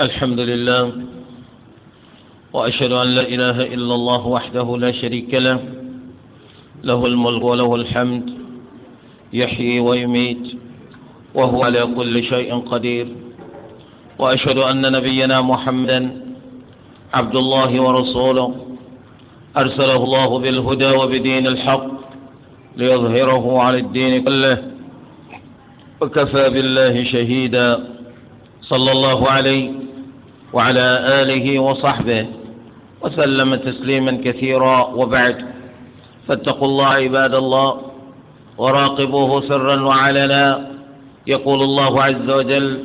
الحمد لله وأشهد أن لا إله إلا الله وحده لا شريك له له الملك وله الحمد يحيي ويميت وهو على كل شيء قدير وأشهد أن نبينا محمدا عبد الله ورسوله أرسله الله بالهدى وبدين الحق ليظهره على الدين كله وكفى بالله شهيدا صلى الله عليه وعلى آله وصحبه وسلم تسليما كثيرا وبعد فاتقوا الله عباد الله وراقبوه سرا وعلنا يقول الله عز وجل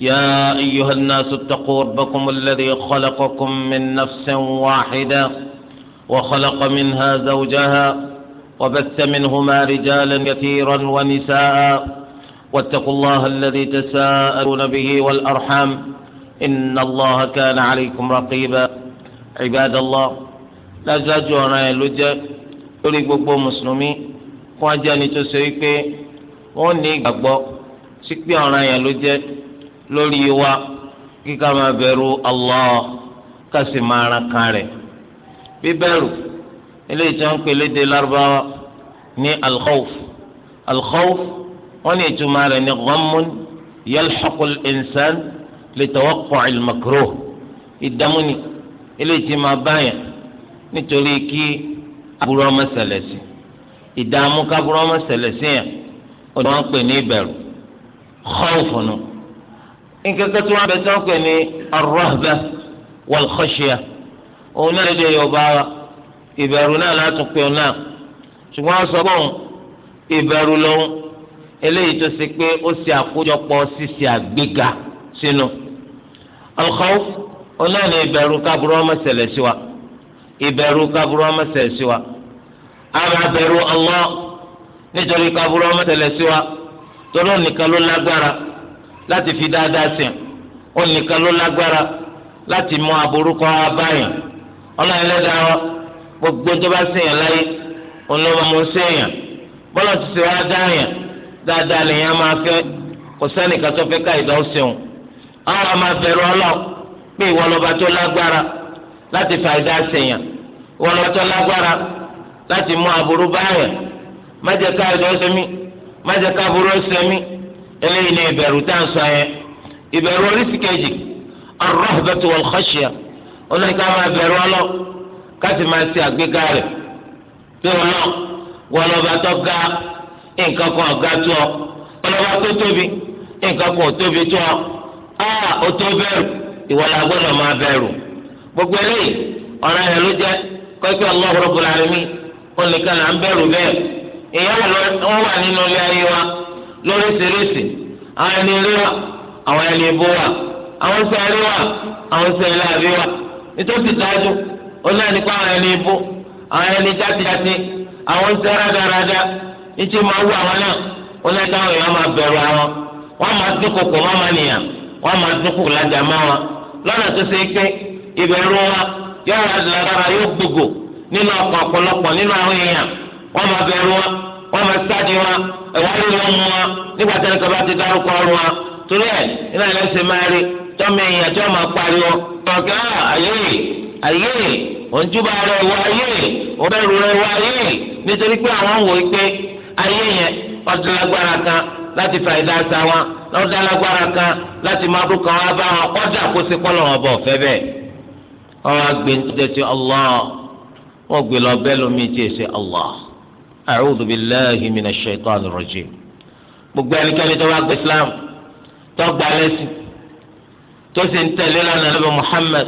يا أيها الناس اتقوا ربكم الذي خلقكم من نفس واحدة وخلق منها زوجها وبث منهما رجالا كثيرا ونساء واتقوا الله الذي تساءلون به والأرحام إن الله كان عليكم رقيبا عباد الله لا زاجوا أنا يلجأ lórí gbogbo mùsùlùmí fún ajẹni tó ṣe wípé wọ́n ní ìgbàgbọ́ sí pé ọ̀ràn yẹn ló jẹ́ lórí wa kíkà máa bẹ̀rù Allah ká sì máa ran kan rẹ̀ bíbẹ̀rù eléyìí tí wọ́n ń pè lédè lárúbáwá ní alkhawf alkhawf wọ́n ní ìtumọ̀ rẹ̀ ní ghammun yalhaqul insan. لتوقع المكروه ìdààmú ni eléyìí tí máa báyàn nítorí kí aburú ọmọ ṣẹlẹ̀ sí ìdààmú kaburú ọmọ ṣẹlẹ̀ sí yàn ó ní wọ́n ń pè ní ìbẹ̀rù khawfun nkẹ́kẹ́ tí wọ́n bẹ tí wọ́n ní arrahba wal òun náà lédè yorùbá wa ìbẹ̀rù náà láti pè náà ṣùgbọ́n sọ fún ìbẹ̀rù lòun eléyìí tó ṣe pé ó ṣe àkójọpọ̀ ṣíṣe àgbéga sínú. Si alkhawf onáà ní ìbẹ̀rù kaburú ọmọ ṣẹlẹ̀ sí wa ìbẹ̀rù ọmọ ṣẹlẹ̀ sí wa àmà bẹ̀rù Allah nítorí kaburú ọmọ ṣẹlẹ̀ sí wa láti fi dáadáa sìn ònìkan ló lágbára láti mú aburú kọ́ gbogbo tó bá sèyàn láyé àwọn àmà bẹ̀rù ọlọ́ pé ìwọ lọ́ba tó lágbára láti fàyídà sèyàn ìwọ lọ́ba tó lágbára láti mú aburú báyàn má jẹ́ ká ẹ̀dọ́ sẹ́mi má jẹ́ ká aburú sẹ́mi eléyìí ni ìbẹ̀rù tá à ń sọ yẹn ìbẹ̀rù oríṣi kejì ar-rahbatu wal-khashya ọlọ́ni ká máa bẹ̀rù ọlọ́ ká sì máa ṣe àgbéga rẹ̀ pé ọlọ́ wọ́n tó ga nǹkan kan ọ̀gá tó ọ ọlọ́ba tó tóbi nǹkan kan ò tóbi tó ọ. a ah, o tó bẹ̀rù ìwọ la gbọ́dọ̀ máa bẹ̀rù gbogbo eléyìí ọ̀ràn yẹn ló jẹ, kọ́kẹ́ Allahu Rabbul Alamin wọn nìkan là ń bẹrù bẹ́ẹ̀ èèyàn wọn wà nínú ilé ayé wa lóríṣiríṣi àwọn ẹni wa àwọn ẹni ibú wa àwọn sẹ́ẹ̀rí wa àwọn àbí wa nítorí dájú ó náà nípa àwọn ẹni àwọn ẹni jáde àwọn máa wú àwọn náà náà táwọn wọ́n máa dínkù lájà mọ́ wọn lọ́nà tó ṣe pé ìbẹ̀rù wọn yóò wá lára yóò gbogbo nínú ọkàn ọ̀pọ̀lọpọ̀ nínú àwọn èèyàn wọ́n máa wa wọn wọ́n máa sáàdì wọn ẹ̀wọ́n ló mú nígbà tí ẹnìkan bá ti dárúkọ torí nínú máa rí tọ́mọ èèyàn tí wọ́n máa pariwo ọ̀gá ayé ayé òǹjúbà rẹ̀ ayé òbẹ̀rù rẹ̀ ayé nítorí pé àwọn wò ó pé ayé yẹn láti fa ìdá sa wọn lọ́wọ́ dálágbára kan láti máa bú kan wá bá wọn kọ́dà kó sí kọ́ lọ́wọ́ bọ̀ fẹ́ bẹ́ẹ̀. wọ́n wá gbé nítorí ti Allah wọ́n gbé lọ bẹ́ẹ̀ lómi tí èsì Allah a'udhu billahi minash shaitanir rajim. gbogbo ẹnikẹ́ni tó bá gbé Islam tó gba lẹ́sìn tó sì ń tẹ̀lé lánàá Nabi Muhammad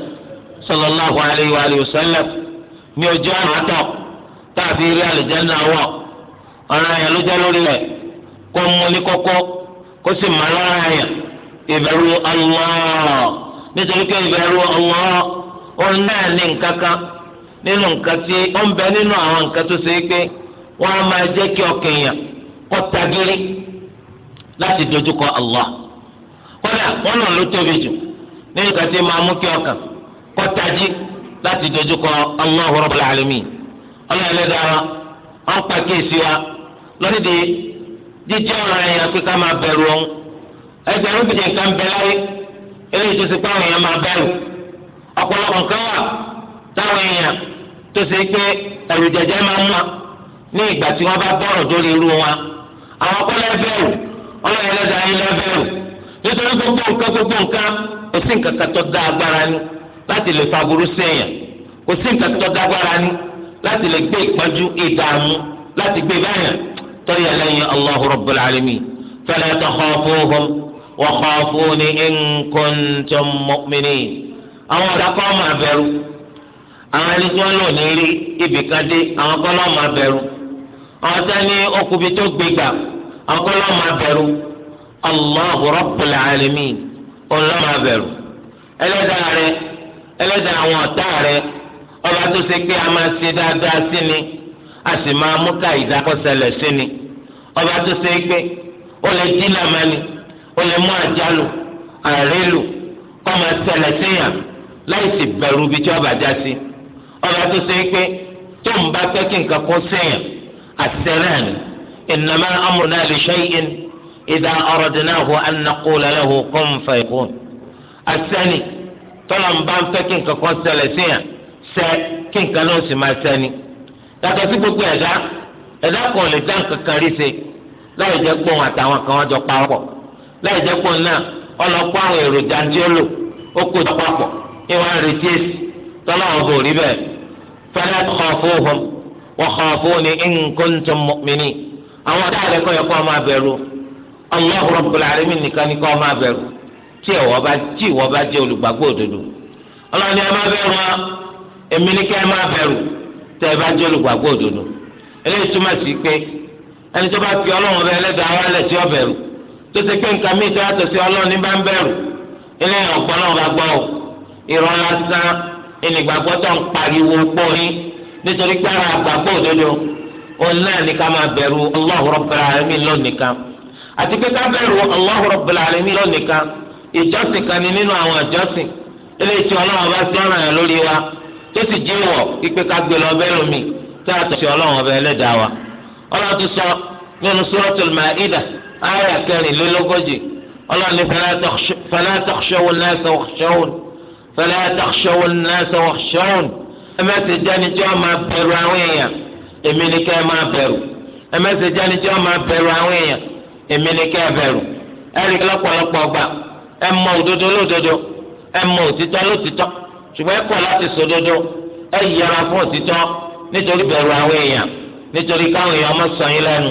sallallahu alayhi wa sallam ní ojú ọ̀nà àtọ̀ táàbí rí àlùjánnà wọ̀ ọ̀ràn yẹn ló jẹ́ lórí rẹ̀ kọ́ mọ́lé kọ́kọ́ kó sì má lára yàn ìbẹ̀rù Allah nítorí pé ìbẹ̀rù Allah òun náà ní nǹkan kan nínú nǹkan tí ó ń bẹ nínú àwọn nǹkan tó ṣe é pé wọ́n á máa jẹ́ kí ọkàn èèyàn tagiri láti dojúkọ Allah kódà wọ́n náà ló tóbi jù nínú nǹkan tí máa mú jíjẹ́ ọ̀ràn èèyàn pé ká máa bẹ̀rù ọ̀hún ẹgbẹ̀rún bìtẹ̀ nǹkan bẹ láyé eléyìí tó ti pa àwọn èèyàn máa bẹ̀rù ọ̀pọ̀lọpọ̀ nǹkan wà táwọn èèyàn tó ṣe pé ẹ̀rù jẹjẹ máa mú wa ní ìgbà tí wọ́n bá bọ̀rọ̀ lórí irú wa àwọn kọ́lẹ́ bẹ̀rù ọlọ́run ẹlẹ́dàá yín lẹ́ bẹ̀rù nítorí gbogbo nǹkan gbogbo nǹkan kò sí nǹkan kan tó dá agbára ní láti lè fa burú sí èèyàn kò sí nǹkan tó dá agbára ní láti lè gbé ìpọ́njú ìdààmú láti gbé báyàn tọ́yà lẹ́yìn Allahu Rabbul Alamin fala takhafuhum wa khafuni in kuntum mu'minin. àwọn ọ̀dà kọ́ máa bẹ̀rù àwọn ẹni tí wọ́n lò ní rí ibìkadé àwọn kọ́ lọ́ máa bẹ̀rù àwọn sani okùnbi tó gbégbà àwọn kọ́ lọ́ máa bẹ̀rù Allahu Rabbul Alamin òun lọ́ máa bẹ̀rù ẹlẹ́dàá rẹ ẹlẹ́dàá àwọn ọ̀tá rẹ ọba tó ṣe pé a máa ṣe dáadáa sí ni a sì máa mú ká ìdákọ́sẹlẹ̀ sí ni ọba tó ṣe é pé ó lè dín làmánì ó lè mú àjálù àrélù kọ́ máa ṣẹlẹ̀ séèyàn láì sì bẹ̀rù bí tí ọba já sí ọba tó ṣe é pé tó ń bá fẹ́ nǹkan kó séèyàn àṣẹ náà ni innama amruna li shay'in idha aradnahu an naqula lahu kun fayakun àṣẹ ni tọ́lá ń bá ń nǹkan kan ṣẹlẹ̀ séèyàn ṣẹ kí nǹkan náà sì máa ṣẹ yàtọ̀ sí gbogbo ẹ̀dá ẹ̀dá kan lè dá nǹkan kan rí ṣe láì jẹ́ pé òun àtàwọn kan wọ́n jọ pawọ́pọ̀ láì jẹ́ pé òun náà ọlọ́pọ̀ àwọn èròjà tí ó lò ó kó jọ papọ̀ ní wọ́n á retí èsì tọ́lá àwọn kò rí bẹ́ẹ̀ fala takhafuhum wa khafuni in kuntum mu'minin àwọn ọ̀dà rẹ̀ kọ́ yẹ kó máa bẹ̀rù Allahu rabbul alamin nìkan ni kó máa bẹ̀rù tí ìwọ bá tí ìwọ bá jẹ́ olùgbàgbọ́ òdodo ọlọ́ni ẹ máa bẹ̀rù wa èmi ní kẹ́ ẹ máa bẹ̀rù tẹ́ ẹ bá jẹ́ olùgbàgbọ́ òdodo eléyìí túmọ̀ sí pé ẹni tó bá fi ọlọ́run bẹ ẹlẹ́dàá wa lẹ̀ tí ó bẹ̀rù tó ṣe pé nǹkan míì tó yàtọ̀ sí ọlọ́run ní bá ń bẹ̀rù ilé ọ̀pọ̀ náà bá gbọ́ ọ ìrọ̀ lásán ìnìgbàgbọ́ tó ń pariwo gbórí nítorí pé ara àgbàgbọ́ òdodo òun náà ní ká máa bẹ̀rù Allahu Rabbil Alamin lónìí kan àti pé ká bẹ̀rù Allahu Rabbil Alamin lónìí kan ìjọsìn kan ni nínú àwọn ìjọsìn ilé tí ọlọ́run bá sí ọ̀ràn yẹn lórí wa tó sì ọlọ́run ti sọ nínú suratul Ma'idah ayé kẹrìnlélógójì ọlọ́run ní fala takhshawu an-nasa wakhshawun fala takhshawu an-nasa wakhshawun ẹmẹ́sẹ̀ jáni tí wọ́n máa bẹ̀rù àwọn èèyàn èmi ni kẹ́ ẹ máa bẹ̀rù ẹmẹ́sẹ̀ jáni tí wọ́n máa bẹ̀rù àwọn èèyàn èmi ni kẹ́ ẹ bẹ̀rù ẹ̀rí lọ́pọ̀lọpọ̀ gbà ẹ mọ òdodo lódodo ẹ mọ òtítọ́ lótítọ́ ṣùgbọ́n ẹ kọ̀ láti sòdodo ẹ yẹra fún òtítọ́ nítorí bẹ̀rù àwọn èèyàn nítorí káwọn èèyàn má sọ yín lẹ́nu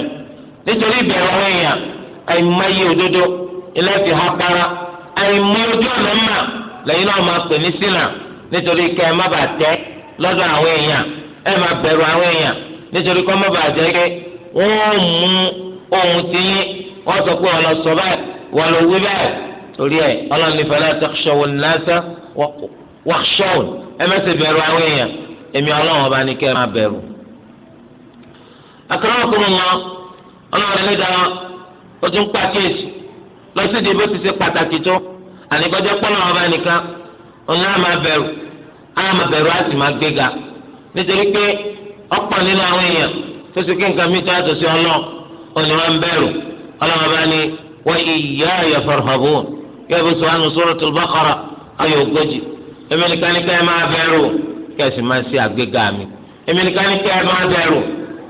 nítorí ìbẹ̀rù àwọn èèyàn àìmọye òdodo ilé fi ha para àìmọye ojú ọ̀nà mà lẹ́yìn náà máa pè ní sínà nítorí kẹ́ ẹ má bàa tẹ́ lọ́dọ̀ àwọn èèyàn ẹ má bẹ̀rù àwọn èèyàn nítorí kọ́ má bàa jẹ́ pé wọ́n mú ohun ti yín wọ́n sọ pé ọ̀nà sọ báyìí wọ́n lọ wí báyìí torí ẹ̀ ọlọ́ni fẹlẹ́ àtàkùsọ̀wò nàásà wàhṣọ́wò ẹ akramakumullah ọlọ́run ẹni dára ó tún pa kéèsì lọ sí ibi bó ti ṣe pàtàkì tó àníkọjọ pọnà ọba nìkan òun náà máa bẹ̀rù á máa bẹ̀rù á sì máa gbéga nítorí pé ọ̀pọ̀ nínú àwọn èèyàn tó ṣe kí nǹkan mi tó yàtọ̀ sí ọlọ́run òun wọn bẹ̀rù ọlọ́run ọba ni wa iyyaya farhabun yóò bó sọ̀rọ̀ nù suratul Baqara ayé ogójì èmi nìkan nìkan ẹ máa bẹ̀rù kẹ̀sì máa ṣe àgbéga mi èmi nìkan nìkan ẹ máa bẹ̀rù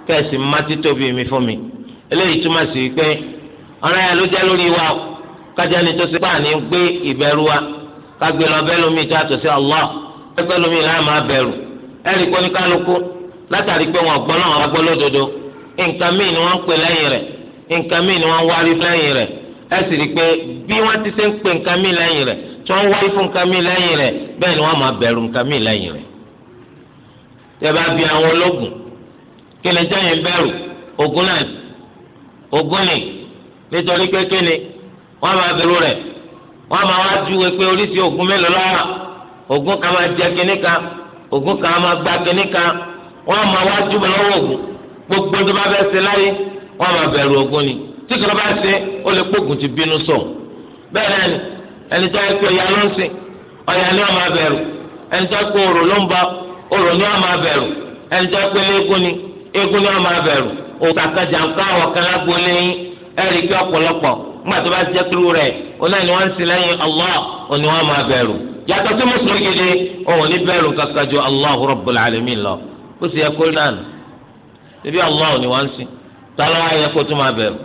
kẹ́sì má títóbi mi fún mi eléyìí túmọ̀ sí pé ọ̀ràn yẹn ló jẹ́ lórí wa o kájà ni tó ṣe pé àní gbé ìbẹ̀rù wa kágbé lọ bẹ́ẹ̀ lómi tó àtọ̀ sí Allah ẹgbẹ́ lómi láì máa bẹ̀rù ẹ̀rí ní kálukú látàrí pé wọn náà wọn gbọ́ lódodo nǹkan míì ni wọ́n ń pè lẹ́yìn rẹ̀ nǹkan míì ni wọ́n ń wárí lẹ́yìn rẹ̀ ẹ sì rí pé bí wọ́n ti ṣe ń pè kílẹ̀ jẹ́yìn ń bẹ̀rù ogun náà ogun ni nítorí pé kíni wọ́n máa bẹ̀rù rẹ̀ wọ́n máa wá júwe pé oríṣi ogun mélòó lọ́wọ́ ogun kan máa jẹ kíní kan ogun kan máa gba kíní kan wọ́n máa wá júwe lọ́wọ́ ogun gbogbo tó bá fẹ́ ṣe láyé wọ́n máa bẹ̀rù ogun ni tí kìlọ̀ bá ṣe ó lè kógun ti bínú sọ̀ bẹ́ẹ̀ ni ẹni tó yẹ kí ọ̀yà ló ń sìn ọ̀yà ni wọ́n máa bẹ̀rù ẹni tó yẹ kí òrò ló ń bọ òrò ni wọ́n máa bẹ̀rù ẹni tó yẹ kí eléégún ni eégún ni wọn máa bẹ̀rù òkà kan jàǹkà ọ̀kan lágbóni ẹ̀rí kí ọ̀pọ̀lọpọ̀ gbàtọ́ bá jẹ́ kúrú rẹ̀ ọ̀nà ni wọ́n ń sin lẹ́yìn Allah òní wọn máa bẹ̀rù yàtọ̀ sí mùsùlùmí gidi òun ní bẹ̀rù kankan ju Allahu Rabbul Alamin lọ ó sì yẹ kúrú náà ṣebí Allah òní wọ́n ń sin tọ́lá wa yẹ kó tó máa bẹ̀rù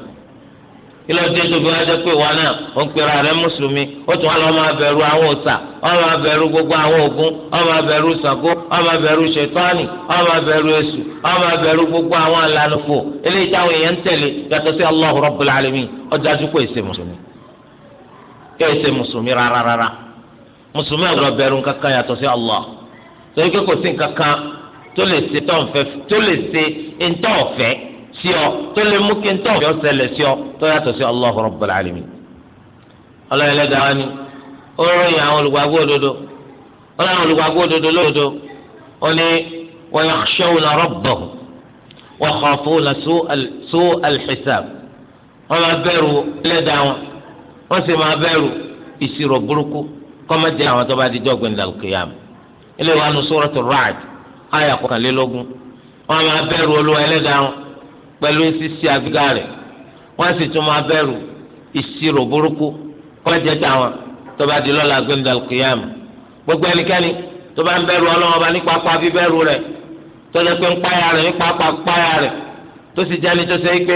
ilé ọdún tó fi wá jẹ pé ìwà náà ó ń pera rẹ̀ mùsùlùmí ó tún wá lọ máa bẹ̀rù àwọn òòṣà wọn máa bẹ̀rù ṣètọ́ni wọn máa bẹ̀rù èṣù wọn máa bẹ̀rù gbogbo àwọn alálùfò eléyìí táwọn èèyàn ń tẹ̀lé yàtọ̀ sí Allahu Rabbul Alamin ọjà àdúgbò èsè mùsùlùmí kẹ́ èsè mùsùlùmí rárá rárá mùsùlùmí àgbà bẹ̀rù kankan yàtọ̀ sí Allah torí pé kò sí kankan tó lè ṣe ntọ́ọ̀fẹ́ sí ọ tó lè mú kí ntọ́ọ̀fẹ́ sí ọ tó yàtọ̀ sí Allahu Rabbul Alamin ọlọ́yẹlẹ́dàá ni ó ròyìn àwọn olùgbàgbọ́ òdodo ọlọ́run olùgbàgbọ́ òdodo lódodo أولي ويخشون ربهم وخافون سوء سوء الحساب وما بيروا لدعوة وسما بيروا يصيروا بركو كما جاء وتبعد جوج من القيامة إلي وأن سورة الرعد آية قرآن للوجن وما بيروا لو لدعوة pẹ̀lú sísí agbègbè rẹ̀ wọ́n sì tún máa bẹ̀rù ìṣirò burúkú kọ́jà táwọn tọ́ba di lọ́la gbẹ̀ndàlùkìyàmù gbogbo ẹnikẹ́ni tó bá ń bẹ̀rù ọlọ́wọ́ bá nípa pa bíbẹ̀rù rẹ̀ tó lè pé ń páyà rẹ̀ nípa pa páyà rẹ̀ tó sì jáde tó ṣe é pé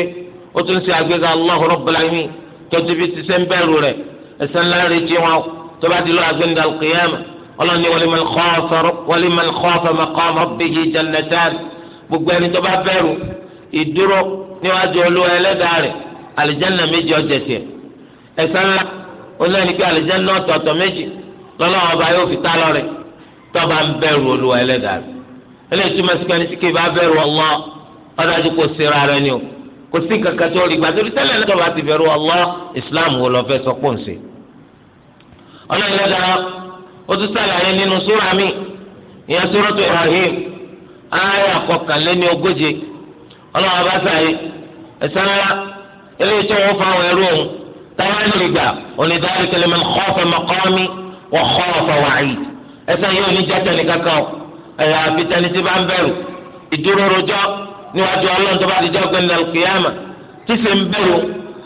ó tún ṣe àgbéga Allahu Rabbul Alamin tọ́jú bí ti ṣe ń bẹ̀rù rẹ̀ ẹ̀sẹ̀ ńlá rẹ̀ jẹ́ wọn tó bá di lọ́wọ́ àgbéǹda al-qiyama ọlọ́run ni waliman khafa maqama rabbihi jannatan gbogbo ẹni tó bá bẹ̀rù ìdúró tọ́ba ń bẹ̀rù olúwa ẹlẹ́dàá rẹ̀ eléyìí túmọ̀ sí kẹ́ni tí kì í bá bẹ̀rù Allah ọ̀dájú kò síra rẹ̀ ni o kò sí kankan tó rí gbà torí tẹ́lẹ̀ náà tọ́ba ti bẹ̀rù Allah Islam wo lọ fẹ́ sọ pọ̀ nsè. ọlọ́run yóò dára ó tún sàlàyé nínú súra mi ìyẹn súratu Ibrahim ayé àkọkànléní ogóje ọlọ́run bá sàyé ẹ̀sán ńlá eléyìí tó wọ́n fáwọn ẹrú òun táwọn ẹ̀rọ ìgbà onídàárí kẹlẹ́mẹ́ ẹsẹ̀ yóò ní jẹ́ tẹ̀lé kankan o ẹ̀yà àfi tẹ̀lé tí bá ń bẹ̀rù ìdúró rojọ́ níwájú ọlọ́run tó bá ti jẹ́ ọgbẹ́ni alùkìyàmà tí sì ń bẹ̀rù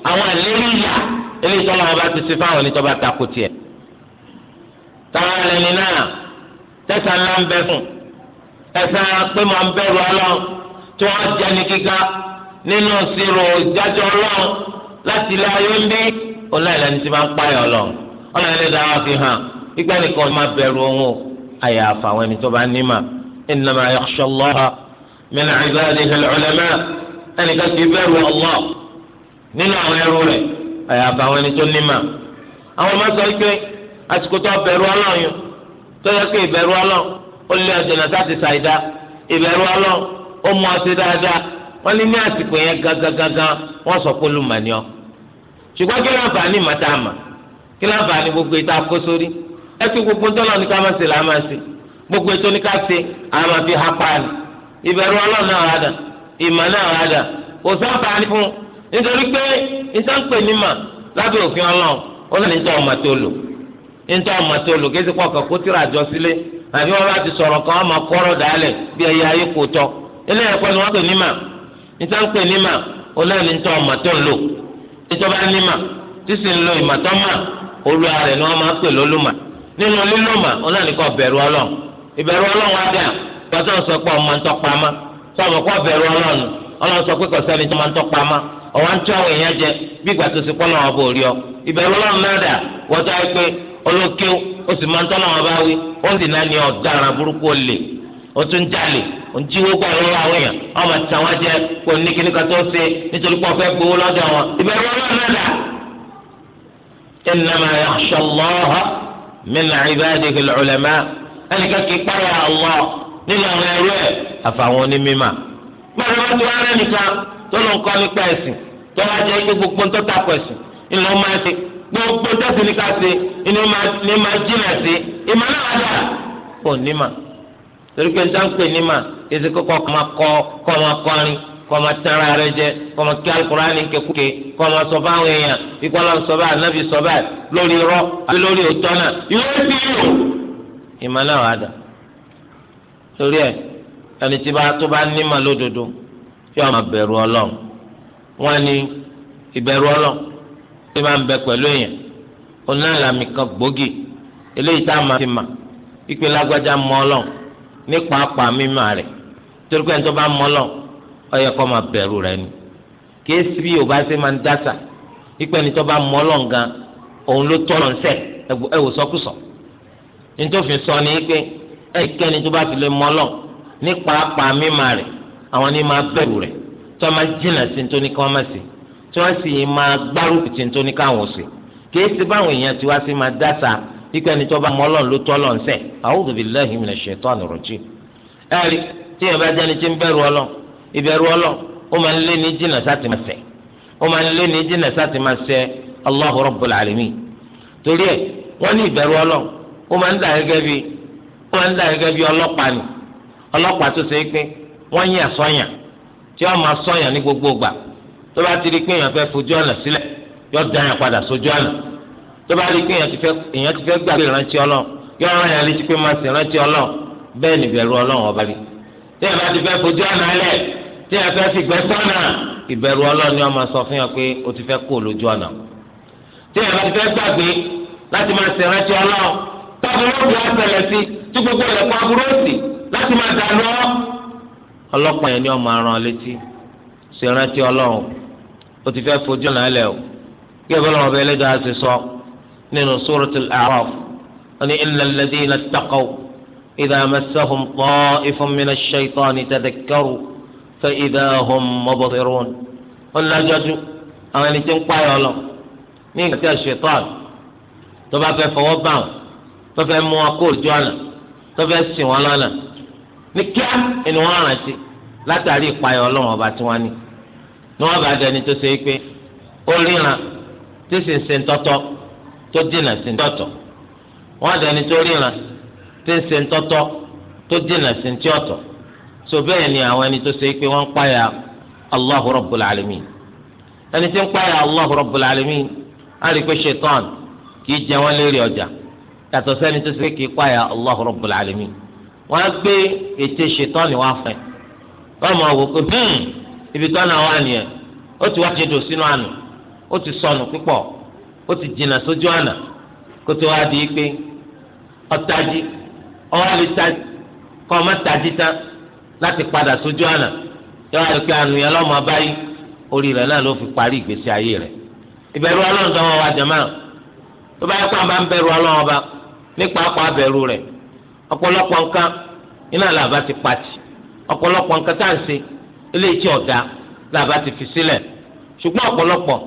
àwọn ìlérí ìyá eléyìí tọ́lá wọn bá ti ṣe fáwọn ẹni tó bá takò tiẹ̀. táwọn ẹlẹ́ni náà tẹ̀sán ńlá ń bẹ fún ẹ̀sán pé mo ń bẹ̀rù ọlọ́run tí wọ́n jẹ́ ní kíká nínú ìṣirò ìdájọ́ ọlọ́run láti ilé ayé ń bí ọlọ́run ẹlẹ́ni ti máa ń pààyàn ọlọ́run ọlọ́run ẹlẹ́dàá ìgbà nìkan máa bẹ̀rù ohun àyàfà àwọn ẹni tó bá ní mà innama yakhsha Allaha min ibadihi al-ulama ẹnìkan ti bẹ̀rù Allah nínú àwọn ẹrú rẹ̀ àyàfà àwọn ẹni tó ní mà àwọn máa sọ pé àsìkò tó bẹ̀rù ọlọ́run tó yẹ kó ìbẹ̀rù ọlọ́run ó lé ọ̀jẹ̀nà sáti ṣàìdá ìbẹ̀rù ọlọ́run ó mú ọtí dáadáa wọ́n ní ní ẹ fi gbogbo ńtọ́lọ́ ní ká máa ṣe làá máa gbogbo ètò ní ká ṣe àá máa fi hapa ni ìbẹ̀rù ọlọ́run náà rà ìmọ̀ náà rà dà kò sábà ní fún nítorí pé ìsànpè ní mà lábẹ́ òfin ọlọ́run ó lè níta ọmọ tó lò ọmọ tó lò kí ti kó tíra jọ àbí wọn bá ti sọ̀rọ̀ kan wọn máa kọ́rọ̀ dálẹ̀ bí ẹyẹ ayé kò tọ́ ni mà tí sì ń nínú lílọ́mà ọlọ́nìkan bẹ̀rù ọlọ́run ìbẹ̀rù ọlọ́run adá gbọ́dọ̀ sọ pé ọmọ ntọ́ pamá sọ̀rọ̀ kọ́ bẹ̀rù ọlọ́run ọlọ́run sọ pé kò sẹ́ni tí èèyàn jẹ bí bò rí ọ ìbẹ̀rù ọlọ́run náà dà wọ́tọ́ ẹ olókè ó sì máa ń tọ́nà wọn bá wí ó ń dìnnà ní ọ̀daràn burúkú olè ó tún jalè ó ń jíwó àwọn èèyàn ọmọ tí àwọn jẹ kò ní kíní kan tó ṣe nítorí pé gbowó min ibadihi al-ulama ẹnìkan kì í pààyà Allah nínú àwọn ẹrú ẹ̀ àfàwọn onímọ̀ gbọ́dọ̀ wọn ti wá rẹ nìkan tó ló ń kọ́ nípa ẹ̀sìn tó wá jẹ́ pé gbogbo tó takò ẹ̀sìn ìlú ọmọ ẹ̀sìn gbogbo tó sì ní ká ṣe ìní máa jìnà sí ìmọ̀ náà dà kò nímọ̀ torí pé nítorí pé nímọ̀ kí kọma tẹ́ra rẹ jẹ kọ́mọ kí alukurani kékuké kọ́mọ sọ fáwọn èèyàn ìkọlọ sọ anabi sọ lórí irọ́ àbí lórí lori náà yóò di yòó. ìmọ̀ náà wà dà torí ẹ̀ ẹni tí bá tó bá ma lódodo yóò máa bẹ̀rù ọlọ́run wọ́n ní ìbẹ̀rù tí ń bẹ pẹ̀lú èèyàn onílàmì kan gbòógì eléyìí tá a máa ọyẹ kọ́ máa bẹ̀rù rẹ ni kéésì bí yorùbá ṣe máa ń dáṣà ipò ẹni tó bá mọ ọlọ́run gan òun ló tọ́ lọ́n sẹ̀ ẹ wò nítòfin sọ ni pé ẹnikẹ́ni tó bá ti lè mọ ọlọ́run ní pàápàá mímà rẹ̀ àwọn ni máa bẹ̀rù rẹ̀ tó máa jìnnà sí nítorí kí wọ́n máa ṣe tí wọ́n sì máa gbárùkù tì nítorí káwọn ṣe kéésì báwọn èèyàn ti wá sí máa dáṣà ipò ẹni tó bá mọ ọlọ́run ló tọ́ lọ́n sẹ̀ a'udhu billahi minash shaitani rajim ẹ̀rí tí yorùbá jẹ́ni tí ń ìbẹ̀rù ọlọ́run ó máa ń lé ní jìnnà sáti máa se. ó máa ń lé ní jìnnà sáti máa ṣẹ̀ Allahu Rabbul Alamin torí ẹ̀ wọ́n ní ìbẹ̀rù ọlọ́run ó máa ń dà gẹ́gẹ́ bí ó máa ń dà ni ọlọ́pàá tó ṣe é pé wọ́n yàn sọ́yàn tí wọ́n máa sọ́yàn ní gbogbo gbà tó bá ti rí pé èèyàn fẹ́ fojú ọ̀nà sílẹ̀ yọ da padà sójú ọ̀nà tó bá rí pé èèyàn ti fẹ́ gbàgbé ìrántí yọ tí a fẹ́ fi gbẹ́ sọ́nà ìbẹ̀rù ọlọ́run ni wọ́n máa sọ fún yàn pé o ti fẹ́ kó lójú ọ̀nà tí a bá ti fẹ́ gbàgbé láti máa ṣe rántí ọlọ́run tábìlì òbí ọ̀sẹ̀lẹ̀ sí tí gbogbo ẹ̀kọ́ aburú sí láti máa dà lọ́ ọlọ́pàá yẹn ni wọ́n máa rán létí ṣe rántí ọlọ́run o ti fẹ́ fojú ọ̀nà ẹlẹ́ o kí ẹ̀fọ́ lọ́wọ́ bẹ́ẹ̀ fa idahum mubsirun wọn lájọjú àwọn ẹni tí ń pààyàn lọ ní ìgbà tí a ṣe tán tó bá fẹ́ fọwọ́ bá wọn tó fẹ́ mú wọn kó ojú àná tó fẹ́ sìn wọn lọ́nà ní kíá ni wọ́n rántí látàrí ìpayọ̀ ọlọ́run ọba tí wọ́n ní ni wọ́n bá dẹni tó ṣe é pé ó ríran tí sì ń ṣe ńtọ́tọ́ tó dènà sí ńtọ́tọ́ wọ́n dẹni tó ríran tí ń ṣe ńtọ́tọ́ tó dènà sí ńtọ́tọ́ so bẹ́ẹ̀ ni àwọn ẹni tó ṣe pé wọ́n ń Allahu Rabbul Alamin ẹni tí ń Allahu i kì í jẹ ọjà yàtọ̀ sẹ́ni tó ṣe kì í páyà Allahu Rabbul gbé ni wọ́n hmm, ibi tó na wà nìyẹn ó ti wá ti dùn sínú àná ó ti sọnù pípọ̀ ó ti jìnnà sójú àná kó tó wá di láti padà sójú àná yóò wá pé àánú yẹn lọ́mọ báyìí orí rẹ̀ náà ló fi parí ìgbésí ayé rẹ̀ ìbẹ̀rù ọlọ́run sọ́wọ́ wa jẹ̀mọ́ tó bá yẹ kó àbá ń bẹ̀rù ọlọ́run ọba nípa àpá bẹ̀rù rẹ̀ ọ̀pọ̀lọpọ̀ nǹkan iná làbá ti pati ọ̀pọ̀lọpọ̀ nǹkan tá à ń ṣe eléyìí ọ̀dà làbá ti fi sílẹ̀ ṣùgbọ́n ọ̀pọ̀lọpọ̀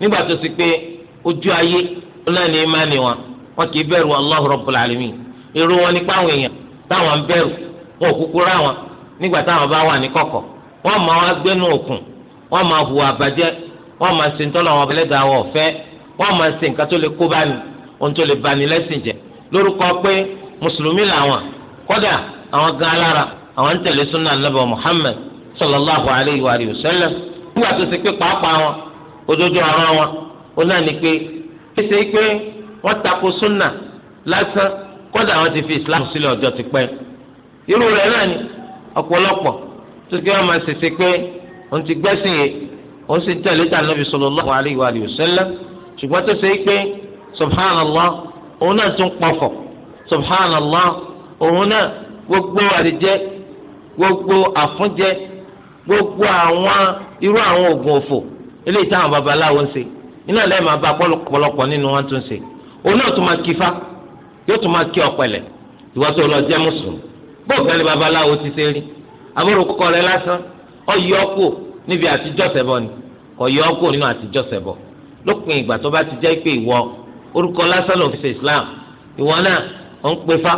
nígbà tó ti pé ojú ayé nígbà táwọn bá wà ní kọ̀kọ̀ wọ́n máa wá gbénú òkun wọ́n máa hùwà àbàjẹ́ máa wọn ọ̀bẹ̀lẹ́dàá wọn ọ̀fẹ́ wọ́n máa ṣe nǹkan tó lè kó bá ní ohun tó lè bá ní lẹ́sìn jẹ́ lórúkọ pé mùsùlùmí làwọn kódà àwọn gan alára àwọn ń tẹ̀lé nàbà sallallahu alayhi wa nígbà tó pé pàápàá wọn wọn ó náà ní pé pé tako lásán Islam sílẹ̀ ọjọ́ ti pẹ́ irú rẹ̀ náà ni ọ̀pọ̀lọpọ̀ tó kí wọ́n máa ṣèṣe pé òun ti gbẹ́sìn yìí òun sì tẹ̀lé tà nàbì sallallahu alaihi wa sallam ṣùgbọ́n tó ṣe é pé subhanallah òun náà tún pọ̀fọ̀ subhanallah òun náà gbogbo àdìjẹ gbogbo àfúnjẹ gbogbo àwọn irú àwọn oògùn òfò eléyìí táwọn babaláwo ń ṣe iná lẹ́yìn máa bá pọ̀lọpọ̀ nínú wọn tún ṣe òun náà tún máa kí fa yóò tún máa kí ọ̀pẹ̀lẹ̀ ìwọ́sọ̀ lọ mùsùlùmí bóògùn ni babaláwo ti ṣe rí àbúrò kọkọ rẹ lásán ọyọ kù níbi àtijọ́ ṣẹbọ ni ọyọ kù nínú àtijọ́ ṣẹbọ lópin ìgbà tó bá ti jẹ́ pé ìwọ orúkọ lásán ló fi ṣe Islam ìwọ náà ò ń pe fa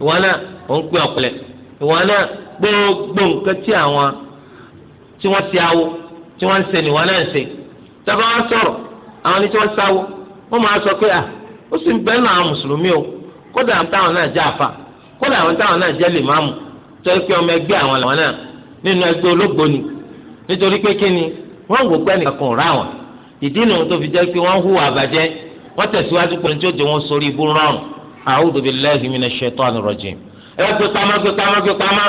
ìwọ náà ò ń pe ọ̀pẹ̀lẹ̀ ìwọ náà gbogbo nǹkan tí àwọn tí wọ́n ti awo tí wọ́n ń ṣe ni ìwọ náà ń ṣe tọ́ba wọn sọ̀rọ̀ àwọn ní tí wọ́n sáwo wọ́n máa sọ pé à ó sì ń bẹ́ẹ̀ náà mùsùlùmí o kódà táwọn náà jẹ́ àfa kódà àwọn táwọn náà jẹ́ lè máàmù tó yẹ ọmọ ẹgbẹ́ àwọn làwọn náà nínú ẹgbẹ́ ológbò ni nítorí pé kí ni wọ́n wò pé nìkan rà wọ́n ìdí nu tó fi jẹ́ pé wọ́n hùwà àbàjẹ́ wọ́n tẹ̀síwájú pé tí ó jẹ́ wọn sórí ibú rọrùn a'udhu billahi minash shaitani rajim. ẹ gbé pamọ́ gbé pamọ́ gbé pamọ́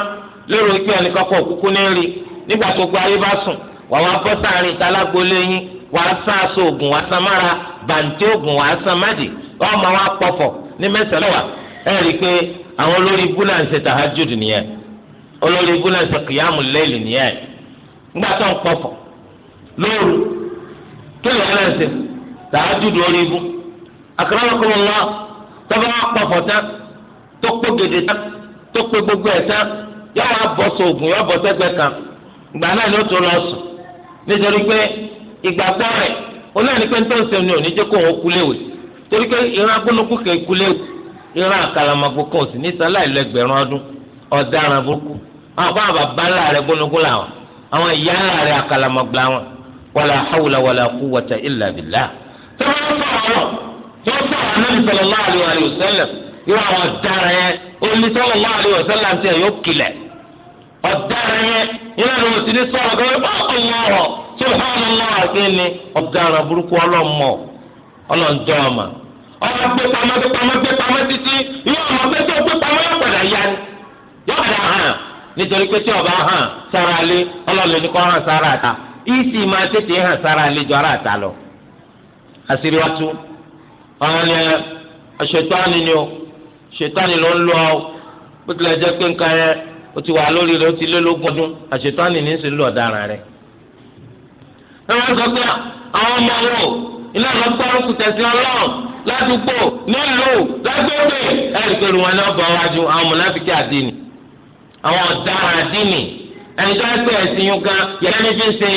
lérò pé ẹnìkan kọ̀ kúkú ní rí nígbà tó gba ayé bá sùn wà wá bọ́ sáàrin ìtalágbó léyìn wà á sá aṣọ ògùn wà á sá mára bàǹtí ògùn wà á sá mádì ọmọ wa pọ̀fọ̀ ní mẹ́sàn-án wà ẹ pé àwọn olórí ibú náà ń ṣe tahajud nìyẹn olórí ibú náà ń ṣe kìyàmù lẹ́lì nìyẹn ńgbà tó ń pọ̀fọ̀ lóru kí ló ń ṣe tahajud olórí ibú akramakumullah tọ́ba wọn pọ̀fọ̀ tán tó kó gèdè tán tó gbogbo ẹ̀ tán yọ wọn bọ̀ ya yọ bọ̀ sẹ́gbẹ̀ kan ìgbà náà ni ó tó lọ sùn nítorí pé rẹ̀ onáà ní pé ń tó ń ìran àkàlàmàgbò kan ò sì ní sálà ìlẹgbẹ̀rún ọdún ọ̀daràn burúkú àwọn bá bàbá ńlá rẹ gbónúgbó làwọn àwọn ìyá ńlá rẹ àkàlàmàgbò làwọn wàlà hàwùlà wàlà kú wàtà ìlà bìlà. tí wọ́n sọ àwọn tí wọ́n sọ àwọn náà sallallahu alaihi wasallam irú àwọn ọ̀daràn yẹn olè sallallahu alaihi wasallam tiẹ̀ yóò kilẹ̀ ọ̀daràn yẹn iná ni mo ti ní sọ̀rọ̀ kọ́ ọ̀lọ́rọ̀ subhanallah àti ẹni ọ̀daràn burúkú ọlọ́mọ ọlọ́njọ́ ọmọ ọmọ gbé pamọ́ gbé pamọ́ pamọ́ títí yọ ọmọ gbé tó gbé pamọ́ yọ padà yá ni padà hàn nítorí pé tí ọba hàn sára lé ọlọ́ọ̀lẹ́ ní kọ́ hàn sára àta ìsì máa tètè hàn sára lé jọ ara lọ. àṣírí wa tú ọ̀hún ni ṣètọ́ni ni o ṣètọ́ni ló ń lọ ọ tilẹ̀ jẹ́ pé nǹkan yẹn o ti wà lórí rẹ o ti lé lógún ọdún àṣetọ́ni ní lọ ọ̀daràn rẹ. ẹ sọ pé àwọn ọmọ wo ládùúgbò nílùú lágbègbè ẹni e wọn náà bọ̀ wájú àwọn mọ̀láfíkì àdínì àwọn ọ̀daràn àdínì ẹni tó ń pè ẹ̀sìn yín gan yẹn ní fi ṣe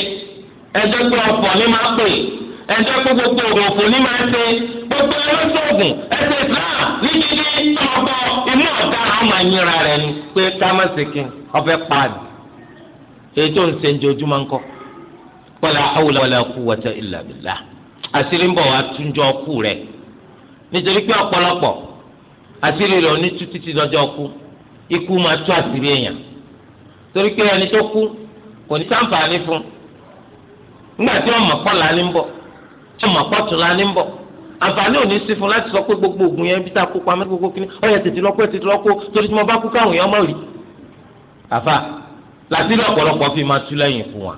ọ̀pọ̀ máa pè gbogbo òròfò ní máa ṣe gbogbo ẹlọ́sọ̀gùn ẹsẹ̀ Islam ní kíkí ọ̀pọ̀ inú ọ̀daràn máa rẹ̀ ni pé kámẹ́sìkì ọ̀fẹ́ pàdé èyí tó ń ṣe ń jojúmọ́ ńkọ́ wala hawla nítorí pé ọ̀pọ̀lọpọ̀ àṣírí rẹ̀ oní tú títí dọjọ́ kú ikú máa tú àṣírí èèyàn torí pé ẹni tó kú kò ní sáǹfààní fún un nígbà tí ọmọ pọ̀ là ní bọ̀ tí ọmọ pọ̀ tún là ní bọ̀ àǹfààní òní sí fún láti sọ pé gbogbo ògùn yẹn bí tá a kó pamẹ́ gbogbo kíní ọ̀yẹ́ tètè lọ́kọ́ ẹ̀ tètè lọ́kọ́ torí tí mo bá kú káwọn èèyàn mọ̀ rí. àfà láti ilé ọ̀pọ̀lọpọ̀ fi máa tú lẹ́yìn fún wa.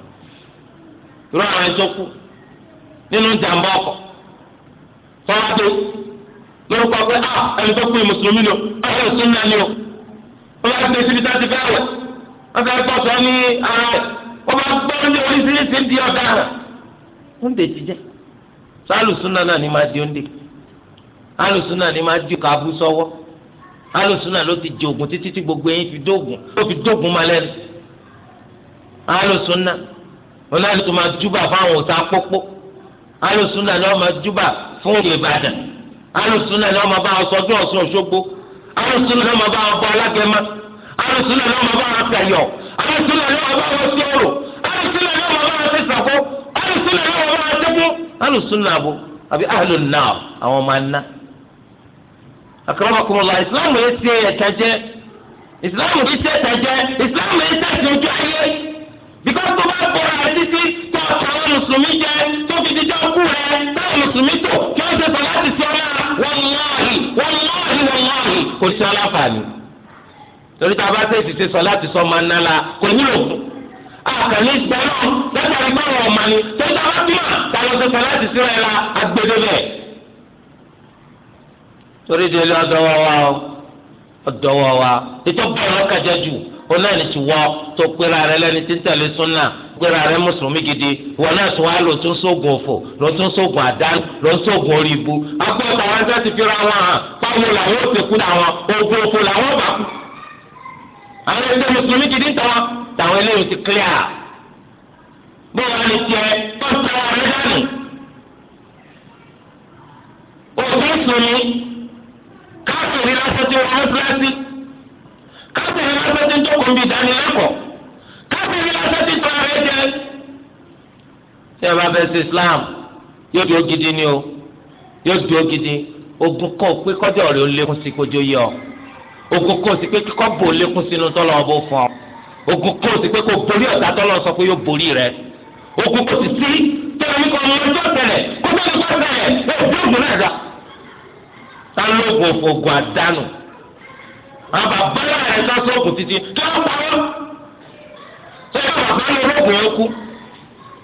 irú àwọn ẹni tó kú nínú ìjàmbá ọkọ̀ tọ́wọ́ lórúkọ pé a ah, ẹni tó pé mùsùlùmí ni o náà ni o wọ́n bá gbé síbi tá a fẹ́ wẹ̀ wọ́n fẹ́ pọ̀ sọ ní ara rẹ̀ wọ́n bá gbọ́ ní oríṣiríṣi di rẹ̀ jíjẹ́ sọ alùsùn náà ni máa di gbogbo yẹn fi fi lẹ́nu alùsùn náà náà ló máa alùsùn náà ni wọ́n máa bá wọn sọjú Ọ̀ṣun Òṣogbo alùsùn náà ni wọ́n máa bá wọn bọ alágẹmọ alùsùn náà ni wọ́n máa bá wọn tẹ̀yọ̀ alùsùn náà ni wọ́n máa bá wọn sí ọ̀rọ̀ alùsùn náà ni wọ́n máa bá wọn sí sàkó alùsùn náà ni wọ́n máa bá wọn tẹ́kú alùsùn náà bò àbí ahlùn náà àwọn máa ná. àkàràmọ̀kùnmọ̀lá ìsìláàmù yẹn ti ẹ̀ta jẹ́ ìsìláàmù yẹn ti ẹ̀ta jẹ́ ìsìláàmù yẹn tẹ̀sí ojú ayé bíkọ́ tó bá bọ̀rọ̀ àti sí tó àwọn mùsùlùmí jẹ tó fi jíjọ́ kú rẹ̀ táwọn mùsùlùmí tó kí wọ́n ṣe sọ láti ṣe kò sí aláfààní torí tá a bá tẹ̀sí ṣe sọ láti sọ máa ń nála kò nílò fún àkànní gbẹ́rọ̀ látàrí báwọn ọmọ ni tó ń dáwọ́ bí wọn táwọn ṣe sọ láti síra ẹ̀ la agbèdè bẹ́ẹ̀. torí délé ọdọwọ wa ọdọwọ wa ètò bẹ́ẹ̀ ọkàjá jù òun náà ní ti wọ tó pera rẹ lẹ́ni tí ń tẹ̀lé súnà pera rẹ mùsùlùmí gidi wọn náà tún wá lò tún sóògùn òfò lò tún sóògùn àdánù lò tún sóògùn orí ibu agbọ́dọ̀ ẹgbẹ́ ti fi ra wọn hàn báwo làwọn òṣèkú làwọn ogun oko làwọn bá kú àwọn ẹgbẹ́ mùsùlùmí ti dín tán táwọn eléyìí ti clear bó wà ní tiẹ̀ tó ń tẹ ọ̀rẹ́ dànù òfin sùnmi káàkiri lásán tí wọ́n ń kíláàsì káàkiri lásán tí ń tó kùn bí ìdánilẹ́kọ̀ọ́ káàkiri lásán tí tọ́ ọ̀rẹ́ jẹ. ṣé ẹ bá fẹ́ ṣe Islam yóò dúró gidi ni o yóò dúró gidi ogun kọ́ pé kọ́jà ọ̀rẹ́ ó lékún sí kójó yọ ogun kọ́ sí pé kíkọ́ bò lékún sínú tọ́lọ̀ ọ̀bọ fún ọ ogun kọ́ sí pé kò borí ọ̀tá tọ́lọ̀ sọ pé yóò borí rẹ ogun kọ́ sí sí tẹ́lẹ̀ nípa ọmọ ọjọ́ tẹ̀lẹ̀ kó tẹ́lẹ̀ kó tẹ̀lẹ̀ ogun náà dà ta ló ogun ogun àdánù àwọn bàbá sọ sóògùn títí tó ń pa wọn tó yẹ bàbá ológun yẹn kú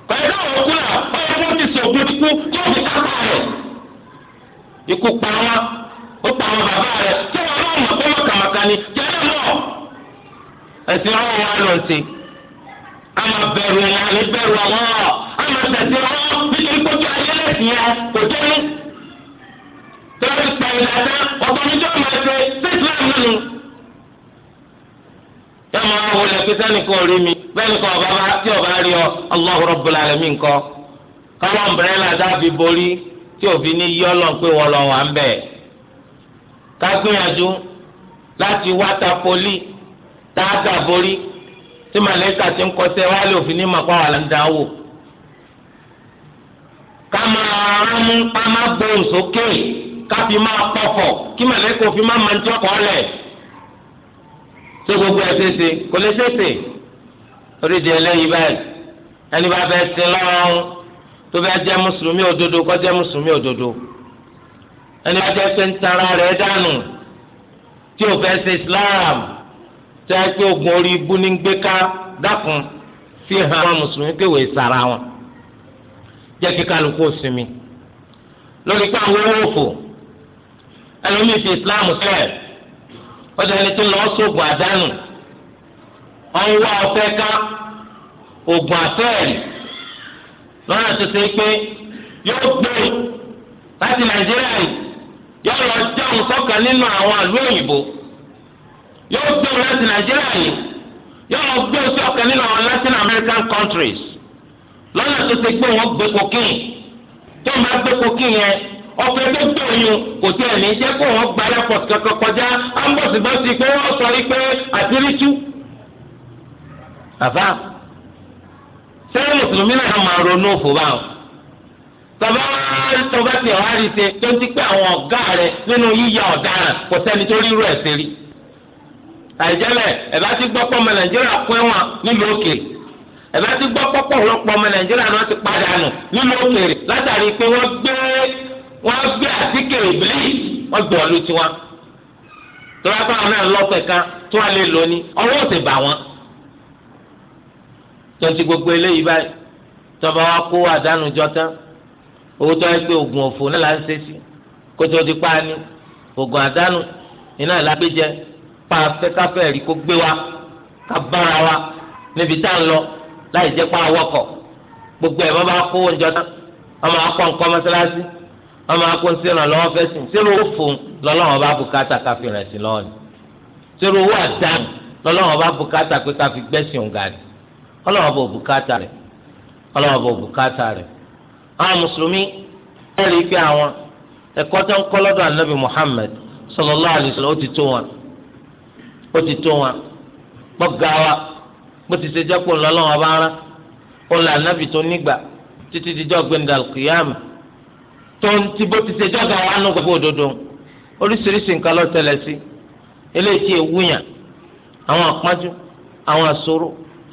kọ̀ọ̀dọ̀ òkú là ọ̀yẹ́ kó ti sọ̀gbọ́n kú kó ikú pa wọn ó pa wọn bàbá rẹ tí wọn bá wọn kọ́ mọ̀kàmọ̀kà ni jẹ́rẹ́ lọ. ẹ̀sìn ọ̀hún wa lọ sí àmà bẹ̀rù ẹ̀ àmì bẹ̀rù ọ̀hún àmà tẹ̀sí ọ̀hún nítorí pé kí ayé lẹ́sìn yẹn kò tó ní. tẹ́lẹ̀ pa ìlànà ọ̀gbọ́n níjọ́ máa ṣe sí ìsìlámù nù. yẹ́n máa wọlé pé sẹ́nìkan rí mi bẹ́ẹ̀ ni kò ọba tí ọba rí ọ Allahu Rabbul Alamin nǹkan káwọn ọ̀mbrẹ́là dábì borí tí òfin ní yọ lọ pé wọ́n lọ wà ń bẹ̀. ká gbìyànjú láti wá ta poli tá a dà borí tí màlẹ́kà ti ń kọsẹ́ wá lè òfin ní màpá wà lọ́dà wò. ká máa rán mú pamá gbóhùn sókè ká fi máa pọ̀fọ̀ kí màlẹ́kà òfin má máa ń jọ́kọ̀ lẹ̀. tó gbogbo ẹ̀ ṣeéṣe kò lè ṣeéṣe oríṣi ẹlẹ́yìí báyìí ẹni bá fẹ́ sin lọ́rùn. tó bá jẹ́ mùsùlùmí òdodo kó jẹ́ mùsùlùmí òdodo ẹni bá jẹ́ pé ń tara rẹ̀ dànù tí o fẹ́ islam tẹ́ pé ogun orí ibú ní gbé dákun fi hàn àwọn mùsùlùmí kéwèé sara wọn jẹ́ kí kálukú sinmi lórí pé àwọn olóòfò ẹlòmíì fi islam sílẹ̀ wọ́n ẹni tó lọ́ọ́ sóògùn àdánù ọ̀hún wá ọ̀fẹ́ ká oògùn lọ́nà tó ṣe pé yóò gbé e láti nàìjíríà yìí yóò lọ jẹun sọ́kàn nínú àwọn àlú òyìnbó yóò gbé e láti nàìjíríà yìí yóò lọ gbé e sọ́kàn nínú àwọn Latin American countries lọ́nà tó ṣe pé wọ́n gbé kokéè tó máa gbé kokéè yẹn ọ̀pẹ tó kò tí ẹ̀ ní jẹ́ kó wọ́n gba airport sẹ́yìn mùsùlùmí náà máa ronú òfò báwọn tí ọ̀há rí ṣe tó ń ti pé àwọn ọ̀gá rẹ nínú yíya ọ̀daràn kò sẹ́ni tó rírú ẹ̀ ti gbọ́ pọ̀ ọmọ nàìjíríà nílùú òkèèrè ti gbọ́ ọmọ nàìjíríà ti nílùú òkèèrè látàrí pé wọ́n gbé àtíkè ìbílẹ̀ wọ́n tonti gbogbo eléyìí báyìí tọba wa kó àdánù jọ tán owó tó yẹ pé oògùn òfò náà là ń ṣe sí kótó ti pa ni oògùn àdánù iná ìlàgbéjẹ pa afẹ́káfẹ́ rí kó gbé wa ká bára wa níbi tá à ń lọ láì jẹ́ pa àwọkọ̀ gbogbo ẹ̀ bá kó oúnjẹ tán ọmọ akọ nǹkan mọ́sálásí ọmọ akọ ń sèrànà lọ́wọ́ fẹ́ sìn sẹ́rù owó fòun lọ́lọ́wọ́ bá bùkátà káfíìrẹ̀sì lọ́ọ̀ni sẹ́rù owó àdánù lọ́lọ́wọ́ bá bùkátà pé káfí gbẹ́sìn òǹgàdì ọlọ́wọ́ bò bùkátà rẹ̀ ọlọ́wọ́ bò bùkátà rẹ̀ àwọn mùsùlùmí wọ́n rí i pé àwọn ẹ̀kọ́ tó ń kọ́ lọ́dọ̀ Muhammad sallallahu alaihi ó ti tó wọn ó ti tó wọn gbọ́gà wa bó ti ṣe jẹ́ pé ńlọ́lọ́wọ́ bá rán ó lọ anabi tó nígbà títí gbẹ̀ndà tó ń ti bó ti ṣe wa nù gbogbo òdodo oríṣiríṣi nǹkan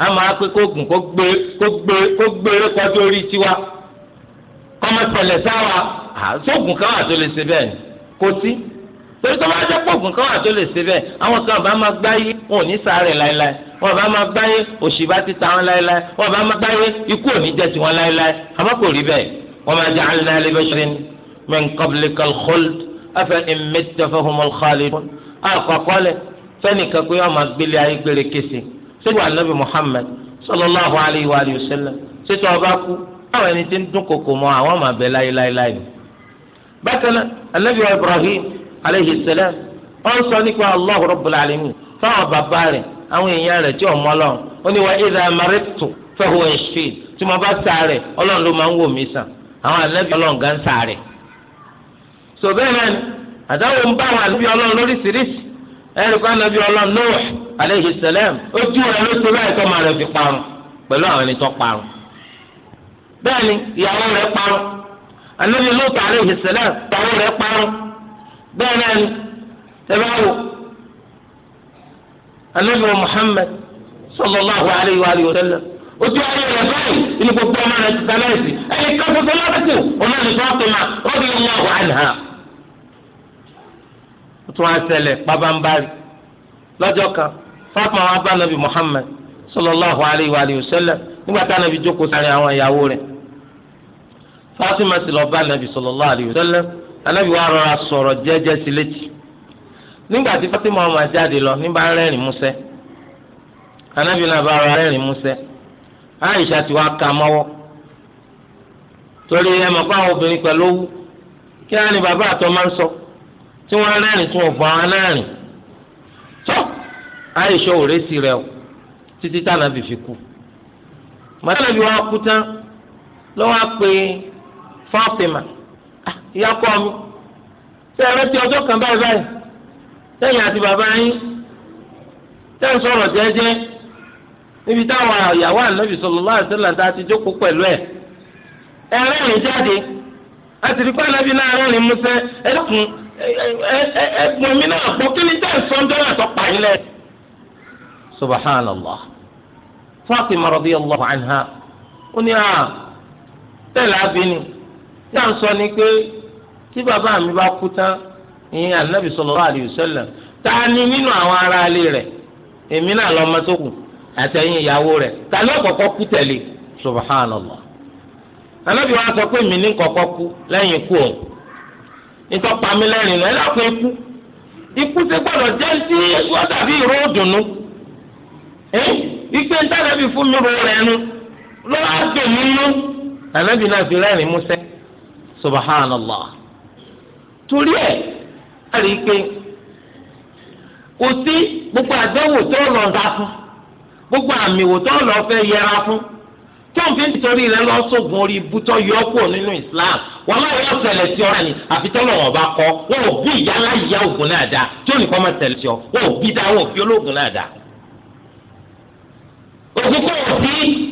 a máa pé kóògùn kó gbé kó gbé kó gbé kọjú orí tiwa kọ́mọ́sẹ̀lẹ̀ sáwa sóògùn kan wà tó lè ṣe bẹ́ẹ̀ ni kò sí torí tó bá jẹ́ kóògùn kan wà tó lè ṣe bẹ́ẹ̀ àwọn kan bá máa gbáyé wọn ò ní sáré láéláé wọn bá máa gbáyé òṣì bá ti ta wọn láéláé wọn bá máa gbáyé ikú ò ní jẹ tiwọn láéláé àmọ́ kò rí bẹ́ẹ̀ wa ma ja'alna li basharin min qablikal khuld afa in mitta fahumul khalidun àkọ́kọ́ lẹ̀ fẹ́nìkan pé wọ́n máa gbélé ayé gbére kése sílùú anabi muhammed sallallahu alayhi wa sallam ṣètò ọba kú àwọn ẹni tí ń dún kòkò àwọn ọmọ abẹ ni. bákan náà anabi ibrahim alayhi salam ó ń sọ nípa allah rabbul alamin fáwọn bàbá rẹ̀ àwọn èèyàn rẹ̀ tí ò mọ lọ ó ní wa idha maritu fahuwa yashfin tí mo bá ń wò mí sàn àwọn Ọlọ́run gan sọ bẹ́ẹ̀ aleyhi sẹlẹm ojú rẹ ló ṣe báyìí tọ́mọ rẹ fi parun pẹ̀lú àwọn ẹni tó parun bẹ́ẹ̀ ìyàwó parun anabi lóòótọ́ aleyhi sẹlẹm ìyàwó rẹ parun bẹ́ẹ̀ náà ni anabi muhammed sallallahu alayhi wa sallam báyìí gbogbo ọmọ ti sálẹ̀ sí ẹni tó ma wà tún Fátímà wá bá Muhammad alayhi wa sallam nígbà tá nàbì jókòó àwọn ìyàwó rẹ̀ Fátímà sì lọ bá nàbì alayhi wa sallam anábì wa rọra sọ̀rọ̀ jẹ́jẹ́ sí létí nígbà tí lọ nígbà rẹ́rìn músẹ́ náà bá rọra rẹ́rìn músẹ́ ka mọ́wọ́ torí àwọn obìnrin pẹ̀lú owó kí ní bàbá àtọ́ máa ń sọ tí wọ́n rẹ́rìn tí wọ́n fọ àwọn àyíṣọ́ òrèsì rẹ̀ o títí táwọn àbí fi kú màtàlẹ́bí wa kú tán wa pe pé ya ìyá mi ṣé ẹ rántí kan báyìí báyìí sẹ́yìn àti bàbá yín tẹ́ ń sọ̀rọ̀ níbi táwọn ya ànábì sallallahu alaihi wasallam tá a ti jókòó pẹ̀lú ẹ̀ ẹ̀rẹ́rìn jáde àti rí pàlẹ́bí náà rẹ́rìn músẹ́ ẹ̀dọ́kùn náà kí ni tẹ́ sọ ń yín subhanallah Fatima radiyallahu anha ó ní à ah, tẹ̀lé abínú náà ń sọ ni pé tí mi bá kú tán ìyẹn anabi sallallahu alayhi Taa ta ni nínú àwọn ará ilé rẹ̀ èmi náà lọ́mọ tó kù àtẹ̀yìn ìyàwó rẹ̀ ta ló kọ́kọ́ kú sọ Ikpe ń tẹ́lẹ̀ fún mi ro nu lọ́wọ́ àgbè mi nú ànábì náà fi torí ẹ̀ kò sí gbogbo àdánwò tó lọ dá fún gbogbo àmì tó lọ fẹ́ yẹra fún tọ́ǹfì nítorí rẹ lọ sógun orí ibùtọ́ nínú Islam wọn máa yọ sí ni àfi tọ́lọ̀ wọn bá kọ́ wọn ò bí ìyá aláìyá ògùn fi olóògùn òkúkọ òsì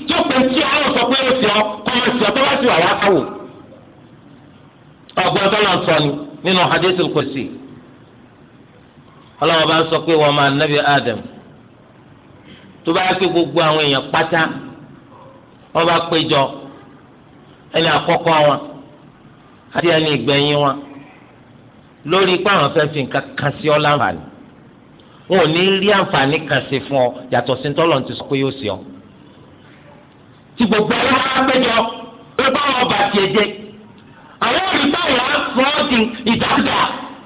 tí ó pè tí ọlọ́run sọ pé òsì ọ kọ́ ọ sí ọ tó bá sì wà wá káwò. ọgbọ́n tọ́lá sọ ni nínú hadith kùsì ọlọ́run bá sọ pé máa Adam tó bá pé gbogbo àwọn èèyàn pátá wọ́n bá péjọ ẹni àkọ́kọ́ wọn àti ẹni ìgbẹ̀yìn wọn lórí pé fẹ́ fi nǹkan kan sí ọ wọn ò ní rí àǹfààní kan ṣe fún ọ yàtọ̀ sí tọ́lọ̀ ti sọ pé yóò ṣe ọ. tí gbogbo ẹ̀rọ bá péjọ pé báwọn ọba tiẹ̀ jẹ àwọn olùgbà yà á sọ ọ́ di ìdájà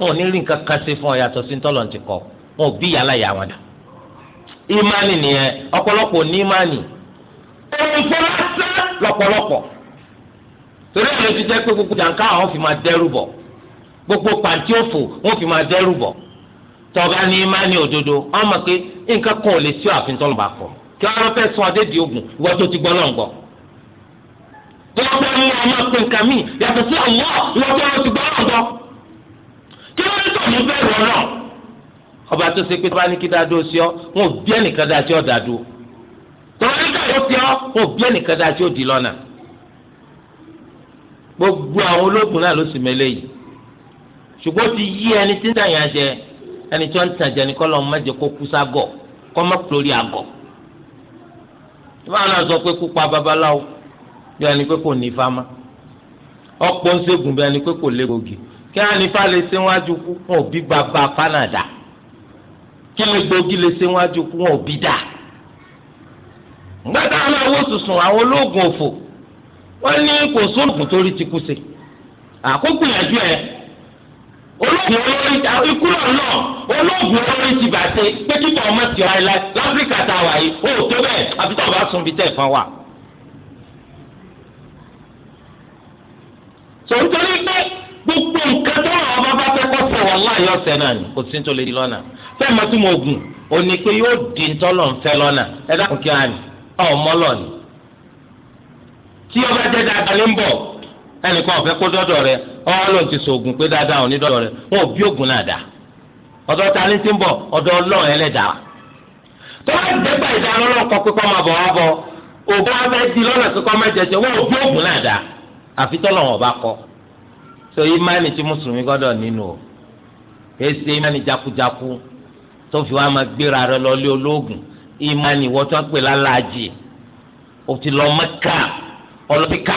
wọn ò ní rí nǹkan kan ṣe fún ọ yàtọ̀ sí tọ́lọ̀ ti kọ wọn ò bí yàrá yà wọn dà. ìmánì nìyẹn ọ̀pọ̀lọpọ̀ ní ìmánì lọ́pọ̀lọpọ̀ torí àwọn ti jẹ́ pé gbogbo tọba ní imáni òdodo ọmọ pé nǹkan kan ò lè sí àfin tọ́lọ̀ bá kọ kí wọn fẹ́ sọ adé di ogun ìwọ tó ti gbọ́ náà ń gbọ́. tó bá mú ọmọ pé nǹkan míì yàtọ̀ sí ọ̀wọ́ lọ́jọ́ ló ti gbọ́ náà gbọ́. kí wọ́n tó ní bẹ́ẹ̀ rọ náà. ọba tó ṣe pé tó ní kí dáadó sí ọ wọn ò bí ẹnìkan dáa tí ó dáadó. tọ́wọ́ ní káyọ̀ sí ọ wọn ò bí ẹnìkan dáa tí ó di lọ́nà. gbogbo ẹni tí wọ́n ń tàn jẹ ní kọ́lọ́ mẹ́jẹ kó kú ságọ̀ kọ́ mọ́ lórí àgọ̀ ìwọ náà sọ pé kópa babaláwo bí ẹni pé kò ní ifá má ọ̀pọ̀ ń ṣègùn bí ẹni pé kò légbògì kí wọ́n ní ifá lè ṣe wájú kú wọn ò bí bàbá Canada kí lè gbògì lè ṣe wájú kú wọn ò bí dà gbàdá àwọn owó tuntun àwọn olóògùn òfò wọ́n ní kò sóògùn torí ti kú sí àkókò ìyàjú ẹ̀ olóògùn olórí ikú náà olóògùn olórí ti bàtẹ pé kíkọ ọmọ ti ọ̀rẹ́ la láfíríkà tá a wà yìí ó tó bẹ́ẹ̀ àfi tó o bá sun fi tẹ̀ fún wa. sọ̀tọ́rí pé gbogbo nǹkan tó wà ọba bá fẹ́ kọ́ sẹ̀ wà láàyè ọ̀sẹ̀ náà ni kò sí ní tó lè di lọ́nà fẹ́ẹ́ mọ́tò mọ́ ogun ò ní pé yóò di ntọ́lọ̀ ń fẹ́ lọ́nà ẹ dákun kí á ní ọmọ lọ́ọ̀ni tí ọba jẹ́ dáadáa ló ń bọ̀ ẹnìkan Ọ lòun ti sogun pé dáadáa òní dọ́dọ̀ rẹ̀ wọn ò bí ògùn náà ọ̀dọ̀ ta ni ti ń bọ̀ ọ̀dọ̀ ọlọ́run ẹlẹ́dàá tó bá dẹ́gbà ìdá lọ́lọ́run kọ pé kọ́ máa bọ̀ wá bọ̀ ògùn abẹ́ di lọ́nà kọ́ máa jẹjẹ wọn ò bí ògùn náà àfi kọ so imáni mùsùlùmí o èsì imáni jakujaku tó fi wá máa gbéra ológun lọ Mẹ́kà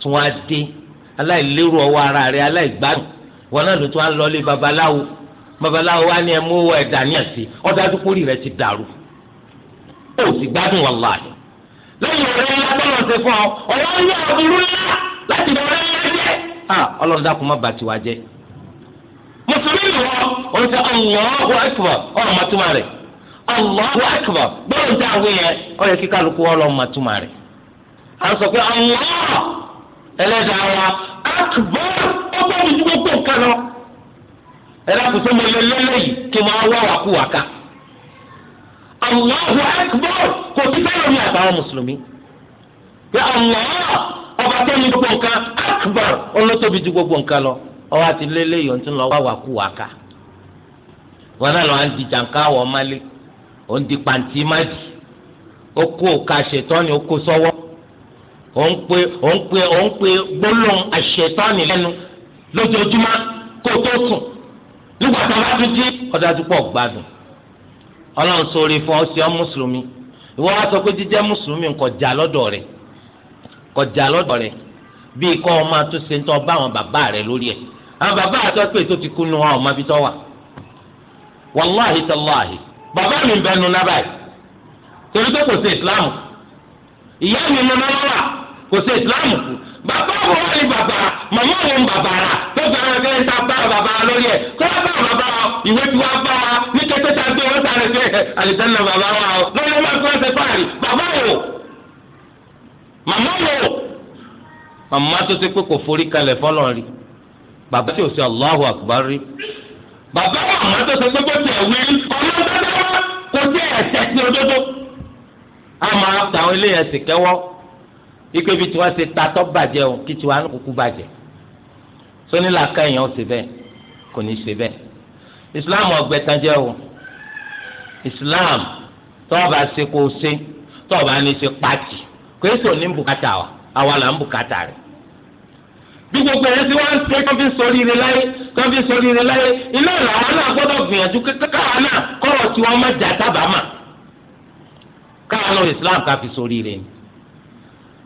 tún wá dé aláìlérò ọwọ́ ara rẹ̀ aláìgbádùn wọn náà ló tún á lọ lé babaláwo babaláwo wá ní ẹmú owó ẹ̀dá ní ẹ̀sìn ọ̀dájú kórì rẹ̀ ti dàrú ó sì gbádùn wàláhì lẹ́yìn ọ̀rẹ́ ńlá bọ́lọ̀ ṣe fún ọ ọ̀rẹ́ ńlá ọ̀dúnrún ńlá láti bẹ̀rẹ̀ ńlá jẹ́ ọlọ́run dákun má bàtì wá jẹ́ mùsùlùmí wọ ọ̀n ṣe Allahu akbar ọ̀rọ̀ màtúmà rẹ̀ Allahu akbar bọ́lọ̀ ń tẹ àwọn yẹn ọ̀rẹ́ kíkálukú ọlọ́run màtúmà rẹ̀ à ń sọ pé ọ̀nà ẹlẹ́dàá wa àkùbọ́ ọgbọ́n mi dúró lọ. ẹlẹ́kùn tó mọlẹ́ lélẹ́yìí kí wọ́n wá wàkúwà ká. kò Ya Allah ọba tó ní gbogbo nǹkan akbar olótóbi gbogbo nǹkan lọ ọwọ́ àti lélẹ́yìí ọ̀tún lọ wá ká. wọn náà lọ à ń di jàǹká ó ń di ò ń pe ò ń pe ò ń pe gbólóhùn àṣetọ́ni lẹ́nu lójoojúmọ́ kó tó sùn nígbà tó bá tún jí ọ̀dájú pọ̀ gbádùn ọlọ́run sórí fún ọ sí ọ mùsùlùmí ìwọ wá sọ pé jíjẹ́ mùsùlùmí kò já lọ́dọ̀ rẹ̀ kò já lọ́dọ̀ rẹ̀ bíi kọ́ ọ máa tún ṣe ń tọ́ bá àwọn bàbá rẹ̀ lórí ẹ̀ àwọn bàbá àtọ́pẹ́ tó ti kú nu ọ ọmọ abitọ́ wà wàláhì tàláhì bàbá mi ń bẹnu náà báyìí torí pé kò sí islam ìyá mi ń náà kò sí ìsìláàmù kù bàbá wo wà ní bàbá màmá wo ń bàbá rà tó bẹ̀rẹ̀ ẹgbẹ́ ń ta bá bàbá lórí ẹ̀ kó wá bá bàbá ìwé tí wá bá wa ní kété tá a gbé wọn sáré pé àlìsánná bàbá wa o lórí ọmọ ẹgbẹ́ ọ̀sẹ̀ fáàrí bàbá wo màmá wo màmá tó ti pé kò forí kalẹ̀ fọlọ́n bàbá tí ò sí Allahu Akbar rí bàbá màmá tó ti pé kò tẹ̀ wí ọlọ́dọ́dọ́ kò tẹ̀ ẹ̀sẹ̀ sí òdodo àmọ́ ikú ibi tí wọ́n ṣe ta tọ́ bàjẹ́ o kí tiwa ní kúkú bàjẹ́ sóní làákà èèyàn ó ṣe bẹ́ẹ̀ kò ní se bẹ́ẹ̀ ìsìláàmù ọgbẹ́tanjẹ́ o ìsìláàmù tọ́ọ̀bà ṣe kó o ṣe tọ́ọ̀bà ní ṣe pàtì kòésò ní bùkátà wa àwa là ń bùkátà rẹ̀ bí gbogbo ẹ̀yẹ́ tí wọ́n ń ṣe tó fi sórí rẹ̀ láyé tó fi sórí rẹ̀ láyé iná làwọn náà gbọ́dọ̀ gbìyànjú káwa náà kọ́rọ̀ tí wọ́n má jà tábàámà káwa náà ìsìláàmù ká fi sórí rẹ̀ ni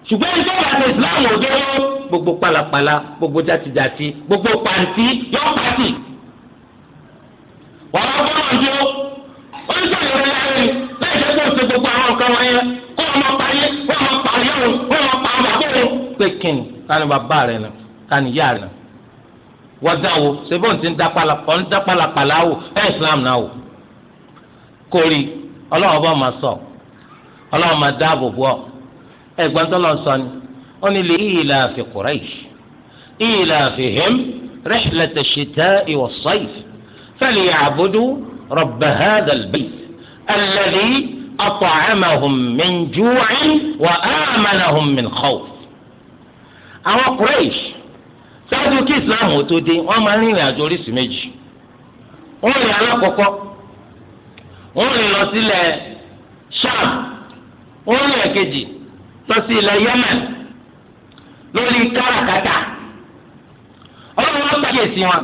ṣùgbọ́n ìjọba àti islam ò dúró gbogbo pálapàla gbogbo játijàti gbogbo pàǹtí yóò pàtì. wàá bọ́ ọ̀dọ́ oníṣòwò rẹ̀ láàrin láì jẹ́ kó o ṣe gbogbo àwọn nǹkan wọn yẹn kó o máa parí kó o máa parí ọ̀run kó o máa pa ọ̀run àbẹ̀rẹ̀. pé kín ká ní bàbá rẹ̀ nà ká ní ìyá rẹ̀ nà wọ́n dá wo ṣé bóun ti ń dá pálapàla wò ẹ̀ islam náà wò kórì ọlọ́run bá máa sọ ọlọ́run máa dáàbò bò ọ́ ẹ̀gbọ́n tó lọ sọ ni ó ní lè ìlà fi Quraysh ìlà fi him rihlata ash-shita'i was-sayf falya'budu rabb hadha al-bayt alladhi at'amahum min ju'in wa amanahum min khawf. àwọn Quraysh sáájú kí Islam ò tó dé wọ́n máa ń rìnrìn àjò oríṣi méjì wọ́n rìn alákọ̀ọ́kọ́ wọ́n rìn lọ sílẹ̀ Sham wọ́n rìn ẹ̀kejì lọ sí ilẹ̀ Yemen lórí káràkátà ọlọ́run wọn gbàgbèsì wọn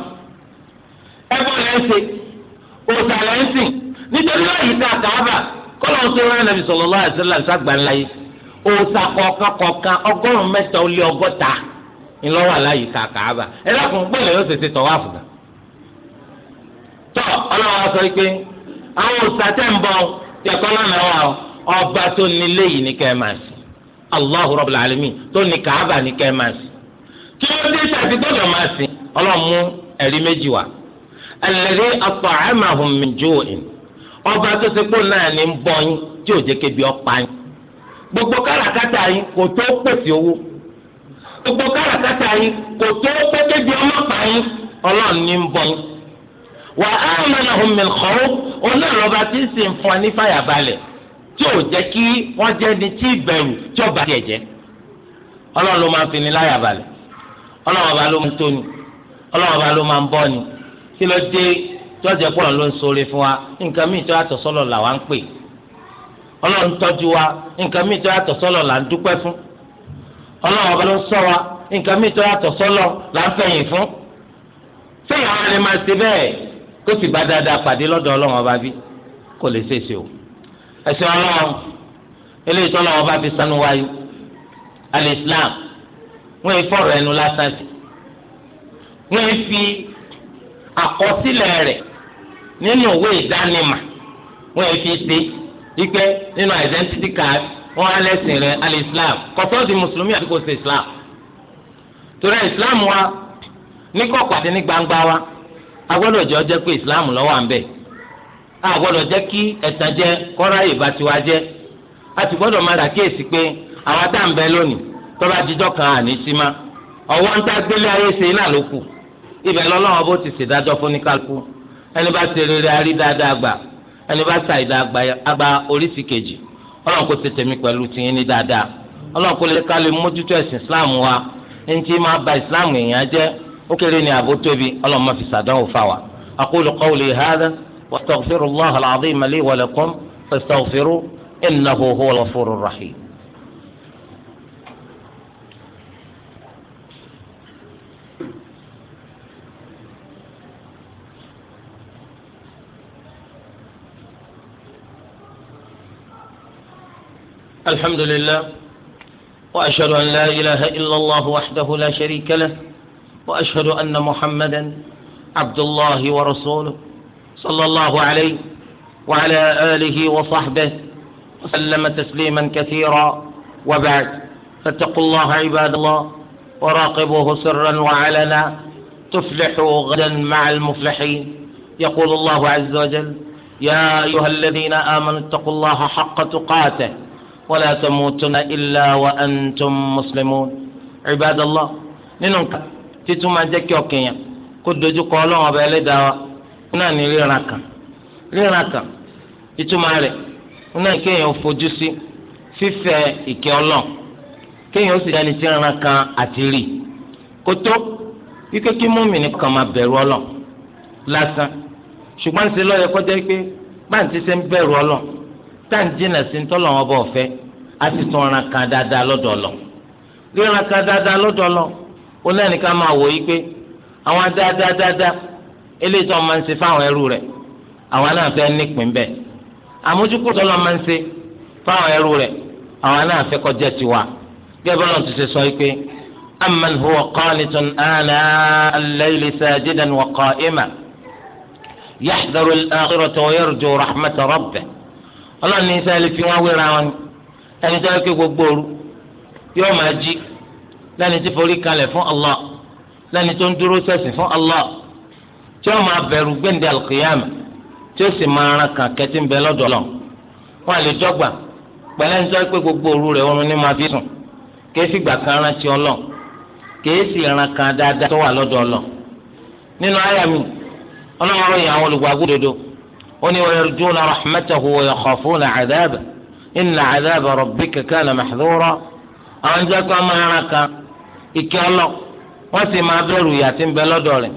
ẹgbọ́n rẹ̀ ń ṣe òòtà rẹ̀ ń sìn nítorí láyé ká kàába kọ́lọ́ tó rán nàbì sallallahu alaihi wasallam sàgbàlá yìí òòtà kọ̀ọ̀kan kọ̀ọ̀kan ọgọ́rùn-ún mẹ́ta ó lé ọgọ́ta ńlọ́wọ́ àláyé ká kàába ẹ dákun gbọ́dọ̀ yóò ṣèṣe tọ́wọ́ àfùgà tọ́ ọlọ́run sọ pé àwọn òòtà tẹ̀ allahu rabbul alamin tó ní kaaba ní kẹ́ máa sìn kí ló dé tàbí gbọ́dọ̀ máa sìn ọlọ́run mú ẹ̀rí méjì wá alladhi at'amahum min ju'in ọba tó ṣe pé náà ní ń bọ́ yín tí ò jẹ́ kébi ọ̀pá yín gbogbo káràkátà yín kò tó pèsè owó gbogbo káràkátà yín kò tó pé kébi ọlọ́pàá yín ọlọ́run ní ń bọ́ yín wa amanahum min khawf ọ̀nà ìrọ̀bà tí ń sìn fún ẹ ní fàyàbalẹ̀ tí ò jẹ́ kí wọ́n jẹ́ ni tí ìbẹ̀rù tí ọba tiẹ̀ jẹ́ ọlọ́run ló máa ń fi ni láyà balẹ̀ ọlọ́run ọba ló máa ń tóni ọlọ́run ọba ló máa ń bọ́ ni kí ló dé tọ́jà pọ̀lọ́ ló ń sọ̀rọ̀ fún wa nǹkan míì tó yàtọ̀ sọ́lọ̀ là wá ń pè ọlọ́run tọ́jú wa nǹkan míì tó yàtọ̀ sọ́lọ̀ là ń dúpẹ́ fún ọlọ́run ọba ló ń sọ wa nǹkan míì tó yàtọ̀ sọ́lọ̀ là ń fẹ̀yìn fún fẹ́yìn àwọn ẹni máa ṣe bẹ́ẹ̀ kó sì bá dáadáa pàdé lọ́dọ̀ ọlọ́run ọba bí kò lè ṣèṣe o. ẹ̀sìn ọlọ́run eléyìí tọ́lọ́ wọn bá fi sanu wáyé islam wọ́n fọrọ ẹnu lásán sí wọ́n fi àkọsílẹ̀ rẹ̀ nínú òwe ìdánimà wọ́n fi ṣe wípé nínú identity card wọ́n á lẹ́sìn rẹ̀ islam kọ́tọ́ di mùsùlùmí àti kò islam torí islam wa ní àti wa pé islam a gbọdọ jẹ́ kí ẹ̀tàn jẹ kọra ìbá tiwa jẹ́ a ti gbọdọ máa ràkíyèsí pé àwọn tá ń bẹ lónìí kan àní sí ma ọwọ́ ń tá gbélé ayé ṣe iná ló kù ibẹ̀ lọ́lọ́wọ́ bó ti ṣèdájọ́ fún ní ẹni bá agba oríṣi kejì kò ṣe tìyín ní dáadáa kò lè ká lè mójútó islam wa ẹni tí máa ba islam واستغفروا الله العظيم لي ولكم فاستغفروا إنه هو الغفور الرحيم الحمد لله وأشهد أن لا إله إلا الله وحده لا شريك له وأشهد أن محمدا عبد الله ورسوله صلى الله عليه وعلى آله وصحبه وسلم تسليما كثيرا وبعد فاتقوا الله عباد الله وراقبوه سرا وعلنا تفلحوا غدا مع المفلحين يقول الله عز وجل يا أيها الذين آمنوا اتقوا الله حق تقاته ولا تموتن إلا وأنتم مسلمون عباد الله ننكر تتما جكي وكيا كدو جكو لهم náà ní ríran kan ríran kan ìtumọ̀ rẹ̀ náà kéèyàn fojú sí fífẹ̀ ìkẹ́ ọlọ́ọ̀ kéèyàn ó sì dání tí ríran kan àti rì kótó wípé kí mọ́mìnì kan máa bẹ̀rù ọlọ́ọ̀ lásán ṣùgbọ́n ṣe lọ́yẹ kọjá pé báńtí ṣe ń bẹ̀rù ń tọ́lọ̀ wọn bọ̀ fẹ́ ti tún ríran kan dáadáa lọ́dọ̀ ọlọ́ọ̀ ríran kan dáadáa lọ́dọ̀ ọlọ́ọ̀ máa yí eléyìí tó máa ń ṣe fáwọn ẹrú rẹ̀ àwa náà fẹ́ nípìn bẹ́ẹ̀ àmójúkútó lọ́ máa ń ṣe fáwọn ẹrú rẹ̀ àwa náà fẹ́ kó jẹ́ tiwa gẹ́gẹ́ bọ́lá ti ṣe sọ pé amman huwa qanitun ana al-layli sajidan wa qa'iman yahdharu al-akhirata wa yarju rahmata rabbih ọlọ́run ní sẹ́ẹ̀lì fi wọ́n wéra wọn ẹni tó yẹ kí gbogbo òru yóò máa jí lẹ́ni tí forí kalẹ̀ fún Allah lẹ́ni tó ń dúró sẹ́sìn fún Allah tí ó máa bẹ̀rù gbẹ̀ǹdé alùkìyàmù tí ó sì máa ran kàkẹ́ tí ń bẹ lọ́dọ̀ lọ. wọn àlè dọ́gba pẹ̀lẹ́ ń sọ pé gbogbo òru rẹ̀ oorun ní máa fi sùn kì í sì gbà kan rántí ọlọ́ kì í sì ran kan dáadáa tó wà lọ́dọ̀ lọ. nínú àyà mi ọlọ́run àwọn olùgbàgbọ́ dodo ó ní wa yarjuna rahmatahu wa yakhafuna adhabahu inna adhaba rabbika kana mahdhura àwọn jẹ́ kó máa ran kan ìkẹ́ ọlọ́ wọ́n sì máa bẹ̀rù ìyà ń bẹ lọ́dọ̀ rẹ̀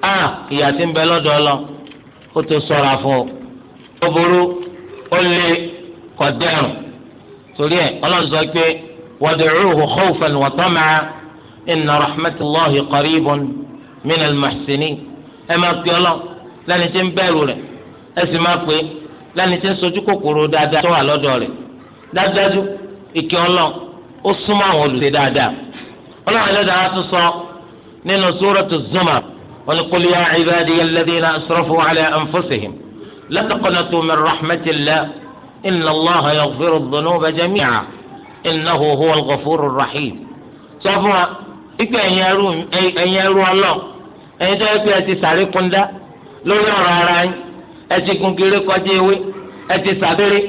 a ìyá tí ń bẹ lọ́dọ̀ ọ lọ ó tó sọ̀rọ̀ àfọ̀ ó burú ó lé kọ̀dẹ́rùn torí ẹ̀ ọlọ́run sọ pé wad'uuhu khawfan wa tama'an inna rahmatullahi qaribun minal muhsinin ẹ máa pè ọ lọ lẹ́ni tí ń bẹ̀rù rẹ̀ ẹ sì máa pè lẹ́ni tí ń sojú kòkòrò dáadáa tó wà lọ́dọ̀ rẹ̀ dájúdájú ìkẹ́ ọlọ́run ó súnmọ́ àwọn olùṣe dáadáa ọlọ́run ẹlẹ́dàá tó sọ nínú Suratu Zumar wọ́n ní kúlí yá ibadiya alladhina asrafu ala anfusihim la taqnatu min rahmatillah inna allaha yaghfiru dhunuba jami'a innahu huwal ghafurur rahim. sọ fún wa ikú ẹ̀yin ẹrú ọlọ́ ẹ̀yin tó yẹ kí ẹ ti sàrékúndá lórí ọ̀rọ̀ ara yín ẹ ti gun kiri kọjá ewé ẹ ti sàbẹ̀rẹ̀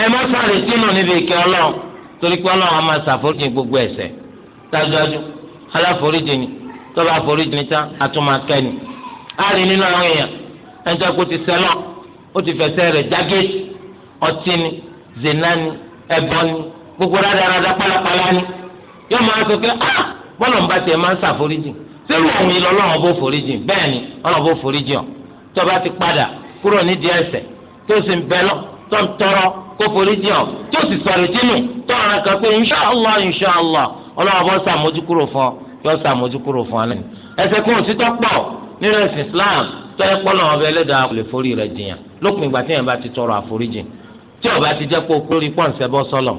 ẹ má sàrè sínú níbi ìkẹ́ ọlọ́run torí pé ọlọ́run á máa ṣàforíjì gbogbo ẹ̀ṣẹ̀ dájúdájú aláforíjì ni tọ́ba àforíjì ní tán àtúmọ̀ akẹ́ni. a rí nínú àwọn èèyàn ẹnjẹ́ kó ti sẹ́lọ̀ ó ti fẹsẹ̀ rẹ̀ jágéètì ọtí ni zina ni ẹ̀bọ ni gbogbo rádaràda pálapàla ni yóò máa sọ pé ah bọ́lọ̀ ń bá tiẹ̀ máa ń ṣàforíjì sẹ́rù ọ̀hún ilẹ̀ ọlọ́run bó foríjì bẹ́ẹ̀ ni ọlọ́run bó foríjì ọ̀ tọ́ba ti padà kúrò nídìí ẹ̀ṣẹ̀ tó sì ń bẹ lọ tó ń tọrọ kó foríjì ọ̀ tó sì sọ̀rọ̀ tínú tọ́ra kan pé inṣàlá inṣàlá ọlọ́run yọ sàmójúkúrò fún alẹ́ ẹsẹ̀ kún òtítọ́ pọ̀ nínú ẹ̀sìn Islam tọ́yẹ pọ́lọ́ ọbẹ̀ ẹlẹ́dàá kò lè forí rẹ̀ jiyàn lópin ìgbà tí yẹn bá ti tọrọ àforíjì tí ó bá ti jẹ́ pé okúrò ipò ǹsẹ̀bọ sọlọ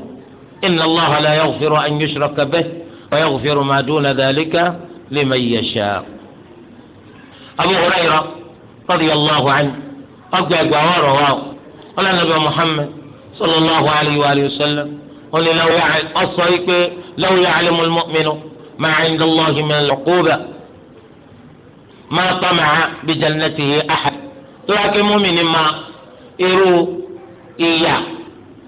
inna Allaha la yaghfiru an yushraka bihi wa yaghfiru ma duna dhalika liman yasha. Abu Hurairah radiyallahu anhu ọgbà ẹgbà ọ̀rọ̀ wa ما عند الله من العقوبة ما طمع بجنته أحد تراك مؤمن ما irú ìyà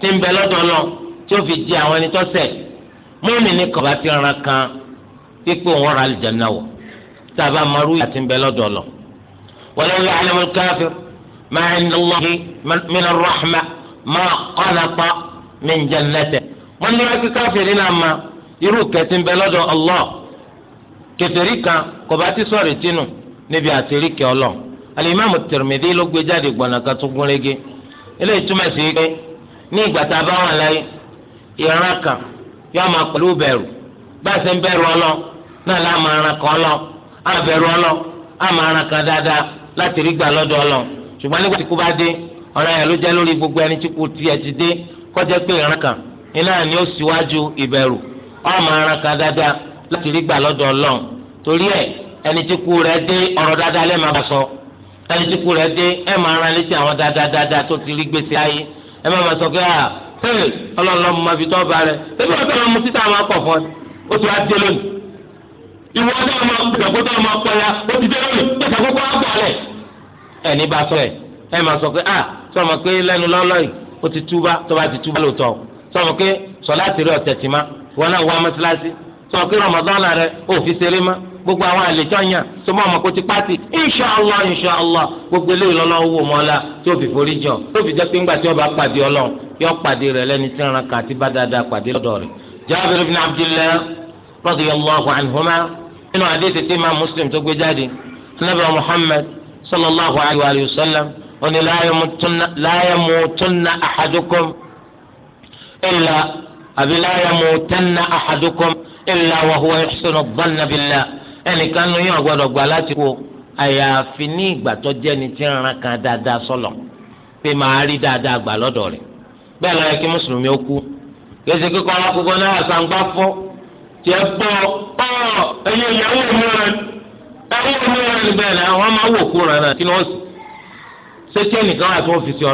tí ń bẹ lọ́dọ̀ lọ tí ó fi jẹ àwọn ẹni tó ṣẹ̀ mọ́mì ní kọ̀bá ti ran kan pípé òun ra àlìjáná wọ̀ tá a bá marú ìyà tí ń bẹ lọ́dọ̀ lọ. walau ya'lamu al-kafir ma 'inda Allahi min ar-rahma ma qanaqa min jannatihi. wọ́n ní wọ́n ti káfíìn nínú àmà. irú kẹtì ń bẹ lọ́dọ̀ Allah kẹfẹ́rí kan ti níbi kẹ alimami ló gbé jáde kan tó sí pé ní ìgbà tá a bá wà láyé ìran kan yóò máa pẹ̀lú bẹ̀rù bá a ń bẹ̀rù ọlọ́ náà lá máa ran kan ọlọ́ á bẹ̀rù ọlọ́ á máa ran kan dáadáa láti rí gbà ṣùgbọ́n nígbà tí kú bá dé ọ̀rọ̀ yẹn ló jẹ́ lórí gbogbo ẹni tí tiẹ̀ ti dé pé wọn máa ran kan dáadáa láti rí gbà lọ́dọ̀ Ọlọ́run torí ẹ ẹni tí kú rẹ̀ dé ọ̀rọ̀ dáadáa lẹ́ẹ̀ bá sọ ẹni tí kú rẹ̀ dé ẹ máa ran létí àwọn dáadáa dáadáa tó ti rí gbèsè ayé ẹ máa máa sọ pé ah ṣé ọlọ́ọ̀lọ́ mo máa fi tọ́ ba rẹ̀ ebi wọn tọ́lọ́ mu títà máa pọ̀ fún ọ ó ti wá dé lónìí ìwọ náà máa gbẹ̀gbẹ́ tó máa pọ̀ ya ó ti dé lónìí ó ti kókó àgbà rẹ̀ ẹ ní bá sọ ẹ ẹ máa sọ pé ah sọ ma pé lẹ́nu lọ́lọ́ yìí ó ti túbá sọ̀rọ̀ pé sọ̀láàtì rẹ̀ ọ̀tẹ̀ tì má wọn náà wá mọ́sálásí sọ̀rọ̀ pé Ramadan rẹ̀ òfin ṣeré má gbogbo àwọn àlejò yàn tó ọmọ kó ti pàtì gbogbo eléyìí lọ́nà owó mọ́lá tó fi forí jọ tó fi jẹ́ pé ńgbà tí bá pàdé ọlọ́run yọ pàdé lẹ́ni tí bá dáadáa Muslim tó gbé jáde sallallahu alayhi إلا أبي لا يموتن أحدكم إلا وهو يحسن الظن بالله ẹnì kan nu yóò gbọ́dọ̀ gbà láti àyàfi ní ni tí ń ran kan dáadáa sọlọ pé màá rí dáadáa gbà lọdọ rẹ̀ bẹ́ẹ̀ lọ yẹ kí mùsùlùmí ó kú gbèsè kíkọ alákòókò náà fọ tí ẹ ọ ẹyẹ ìyàwó mi rẹ ẹyẹ mi rẹ náà máa wò kú rẹ náà kí ni sì tí wà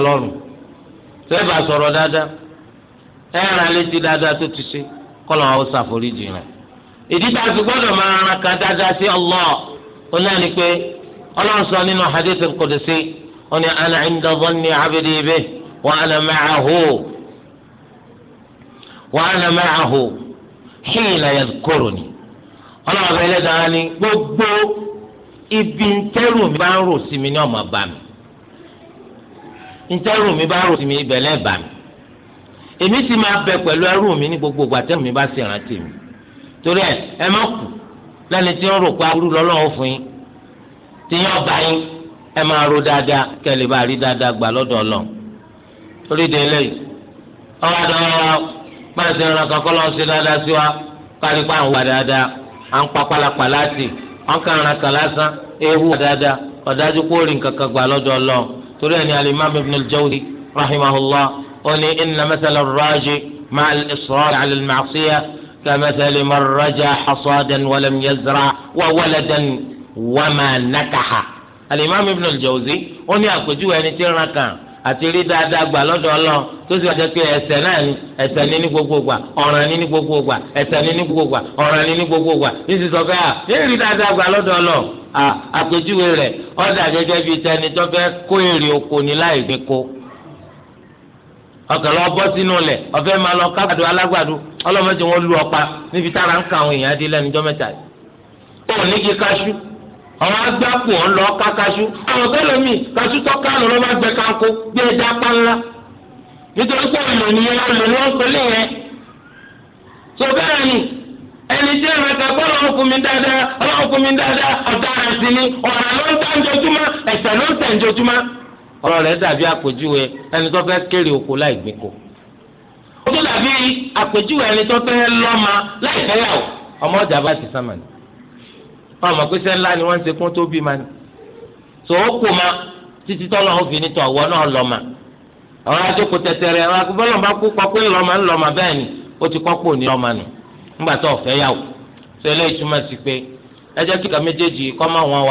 ẹran létí dáadáa tó ti ṣe kọlọ àwọn ṣàforíjì rẹ ìdí tá a fi gbọ́dọ̀ máa ran kan dáadáa sí ó náà ni pé Ọlọ́run sọ nínú hadith al ó ní ana inda dhanni abdi bi wa ana ma'ahu wa ana ma'ahu hina yadhkuruni Ọlọ́run bẹẹ lẹdàá ni gbogbo ibi ntẹrù mi bá ń rò sí mi ní ọmọ bá mi ntẹrù mi èmi sì máa bẹ pẹ̀lú ẹrú mi ní gbogbo ìgbà tẹ́mi bá sì rántí mi torí ẹ ẹ má kù lẹ́ni tí ń rò pé arú lọ́lọ́run fún yín tí yín ọba yín ẹ máa ro dáadáa kẹ́lẹ́ bá rí dáadáa gbà lọ́dọ̀ ọlọ́run torí de eléyìí ọwọ́ àdáwọ́ máa ṣe ìrànlọ́ kankan lọ́wọ́ ṣe dáadáa sí wa kárí pa àwọn wà dáadáa à ń pa pálapà láti kà ń ra kà ewu wà dáadáa ọ̀dájú kó rìn kankan gbà lọ́dọ̀ ọlọ́run torí ẹni alimami وني إن مثل الراجي مع الإصرار على المعصية كمثل من رجا حصادا ولم يزرع وولدا وما نكح الإمام ابن الجوزي وني أكجو يعني تيرنا àti rí dáadáa gbà lọ́dọ̀ ọlọ́run tó sì wájú pé ẹ̀ṣẹ̀ náà ni ẹ̀ṣẹ̀ ní ní gbogbo gbà ọ̀ràn ní ní gbogbo gbà ẹ̀ṣẹ̀ ní ní gbogbo gbà ọ̀ràn ní ní gbogbo gbà yíṣu sọ pé à ní rí dáadáa gbà lọ́dọ̀ ọlọ́run àpèjúwe rẹ̀ ọ̀dà gẹ́gẹ́ bíi tẹnitọ́ fẹ́ kó èrè oko ní láì gbé kó ọkàn lọ bọ́ sínú lẹ̀ ọ̀fẹ́ máa lọ kágbàdo alágbàdo ọlọ́mọdé wọn lu ọ̀pá níbi tára ń ka àwọn èèyàn dé lẹ́nu jọ́mẹ́ta yìí. ó ní kí kaṣú àwọn agbáko ń lọ ká kaṣú àwọn kẹlẹ mi kaṣú tọ́ka ló lọ́ máa gbẹ káko bí ẹja pa ńlá nítorí pé ọ̀nà nìyẹn ọ̀nà ni wọ́n pè lé yẹn. tó bẹ́ẹ̀ ni ẹni tí ẹ̀rọ ẹ̀ka gbọ́ lọ́wọ́ dáadáa ọlọ́wọ́ ni ọ̀ràn ló ń tà ń jojúmọ́ ẹ̀ṣẹ̀ ló ọ̀rọ̀ rẹ̀ dàbí àpèjúwe ẹni tó fẹ́ kéré oko láì gbìn kò. ó dàbí àpèjúwe ẹni tó fẹ́ lọ́mọ láì fẹ́yàwó ọmọ ọjà bá ti sàmà ni wọ́n ń tó ma ni. o kò ma títí tọ́lọ́ òfin ní tọ̀ ọ̀wọ́ náà lọ́mọ. ọ̀rọ̀ àjòkò tẹ̀tẹ̀rẹ̀ ẹ̀rọ akúbọ́lọ̀ bá kú bẹ́ẹ̀ ni ó ti kọ́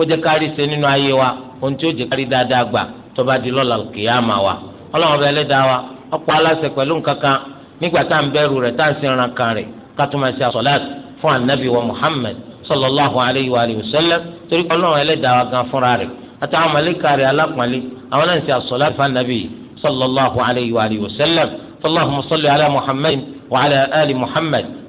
kó jẹ́ kárí ṣe nínú ayé wa ohun tí ó jẹ́ kárí dáadáa gbà tó bá di lọ́la kìyàmà wa ọlọ́run ọba ẹlẹ́dàá wa ọ̀pọ̀ aláṣẹ pẹ̀lú nǹkankan nígbà tá à ń bẹ̀rù rẹ̀ tá à ń sin ran kan rẹ̀ ká tó máa fún anabi wa muhammed sallallahu alayhi wa sallam torí ọlọ́run ẹlẹ́dàá wa gan fúnra rẹ̀ àtàwọn màlàíkà rẹ̀ alápọ̀nlé àwọn náà ń ṣe àsọ̀láàt fún anabi sallallahu alayhi wa sallam fọláhùn mùsọ̀lẹ̀ alá muhammed wa alá ali muhammed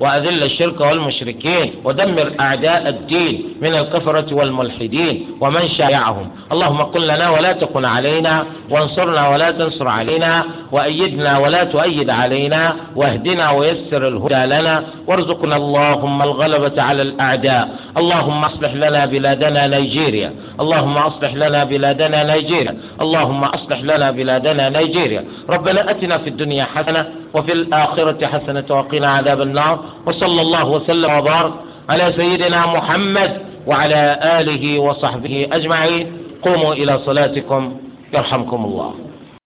وأذل الشرك والمشركين ودمر أعداء الدين من الكفرة والملحدين ومن شايعهم اللهم قل لنا ولا تكن علينا وانصرنا ولا تنصر علينا وأيدنا ولا تؤيد علينا واهدنا ويسر الهدى لنا وارزقنا اللهم الغلبة على الأعداء اللهم أصلح لنا بلادنا نيجيريا اللهم أصلح لنا بلادنا نيجيريا اللهم أصلح لنا بلادنا نيجيريا ربنا أتنا في الدنيا حسنة وفي الآخرة حسنة وقنا عذاب النار وصلى الله وسلم وبارك على سيدنا محمد وعلى آله وصحبه أجمعين قوموا إلى صلاتكم يرحمكم الله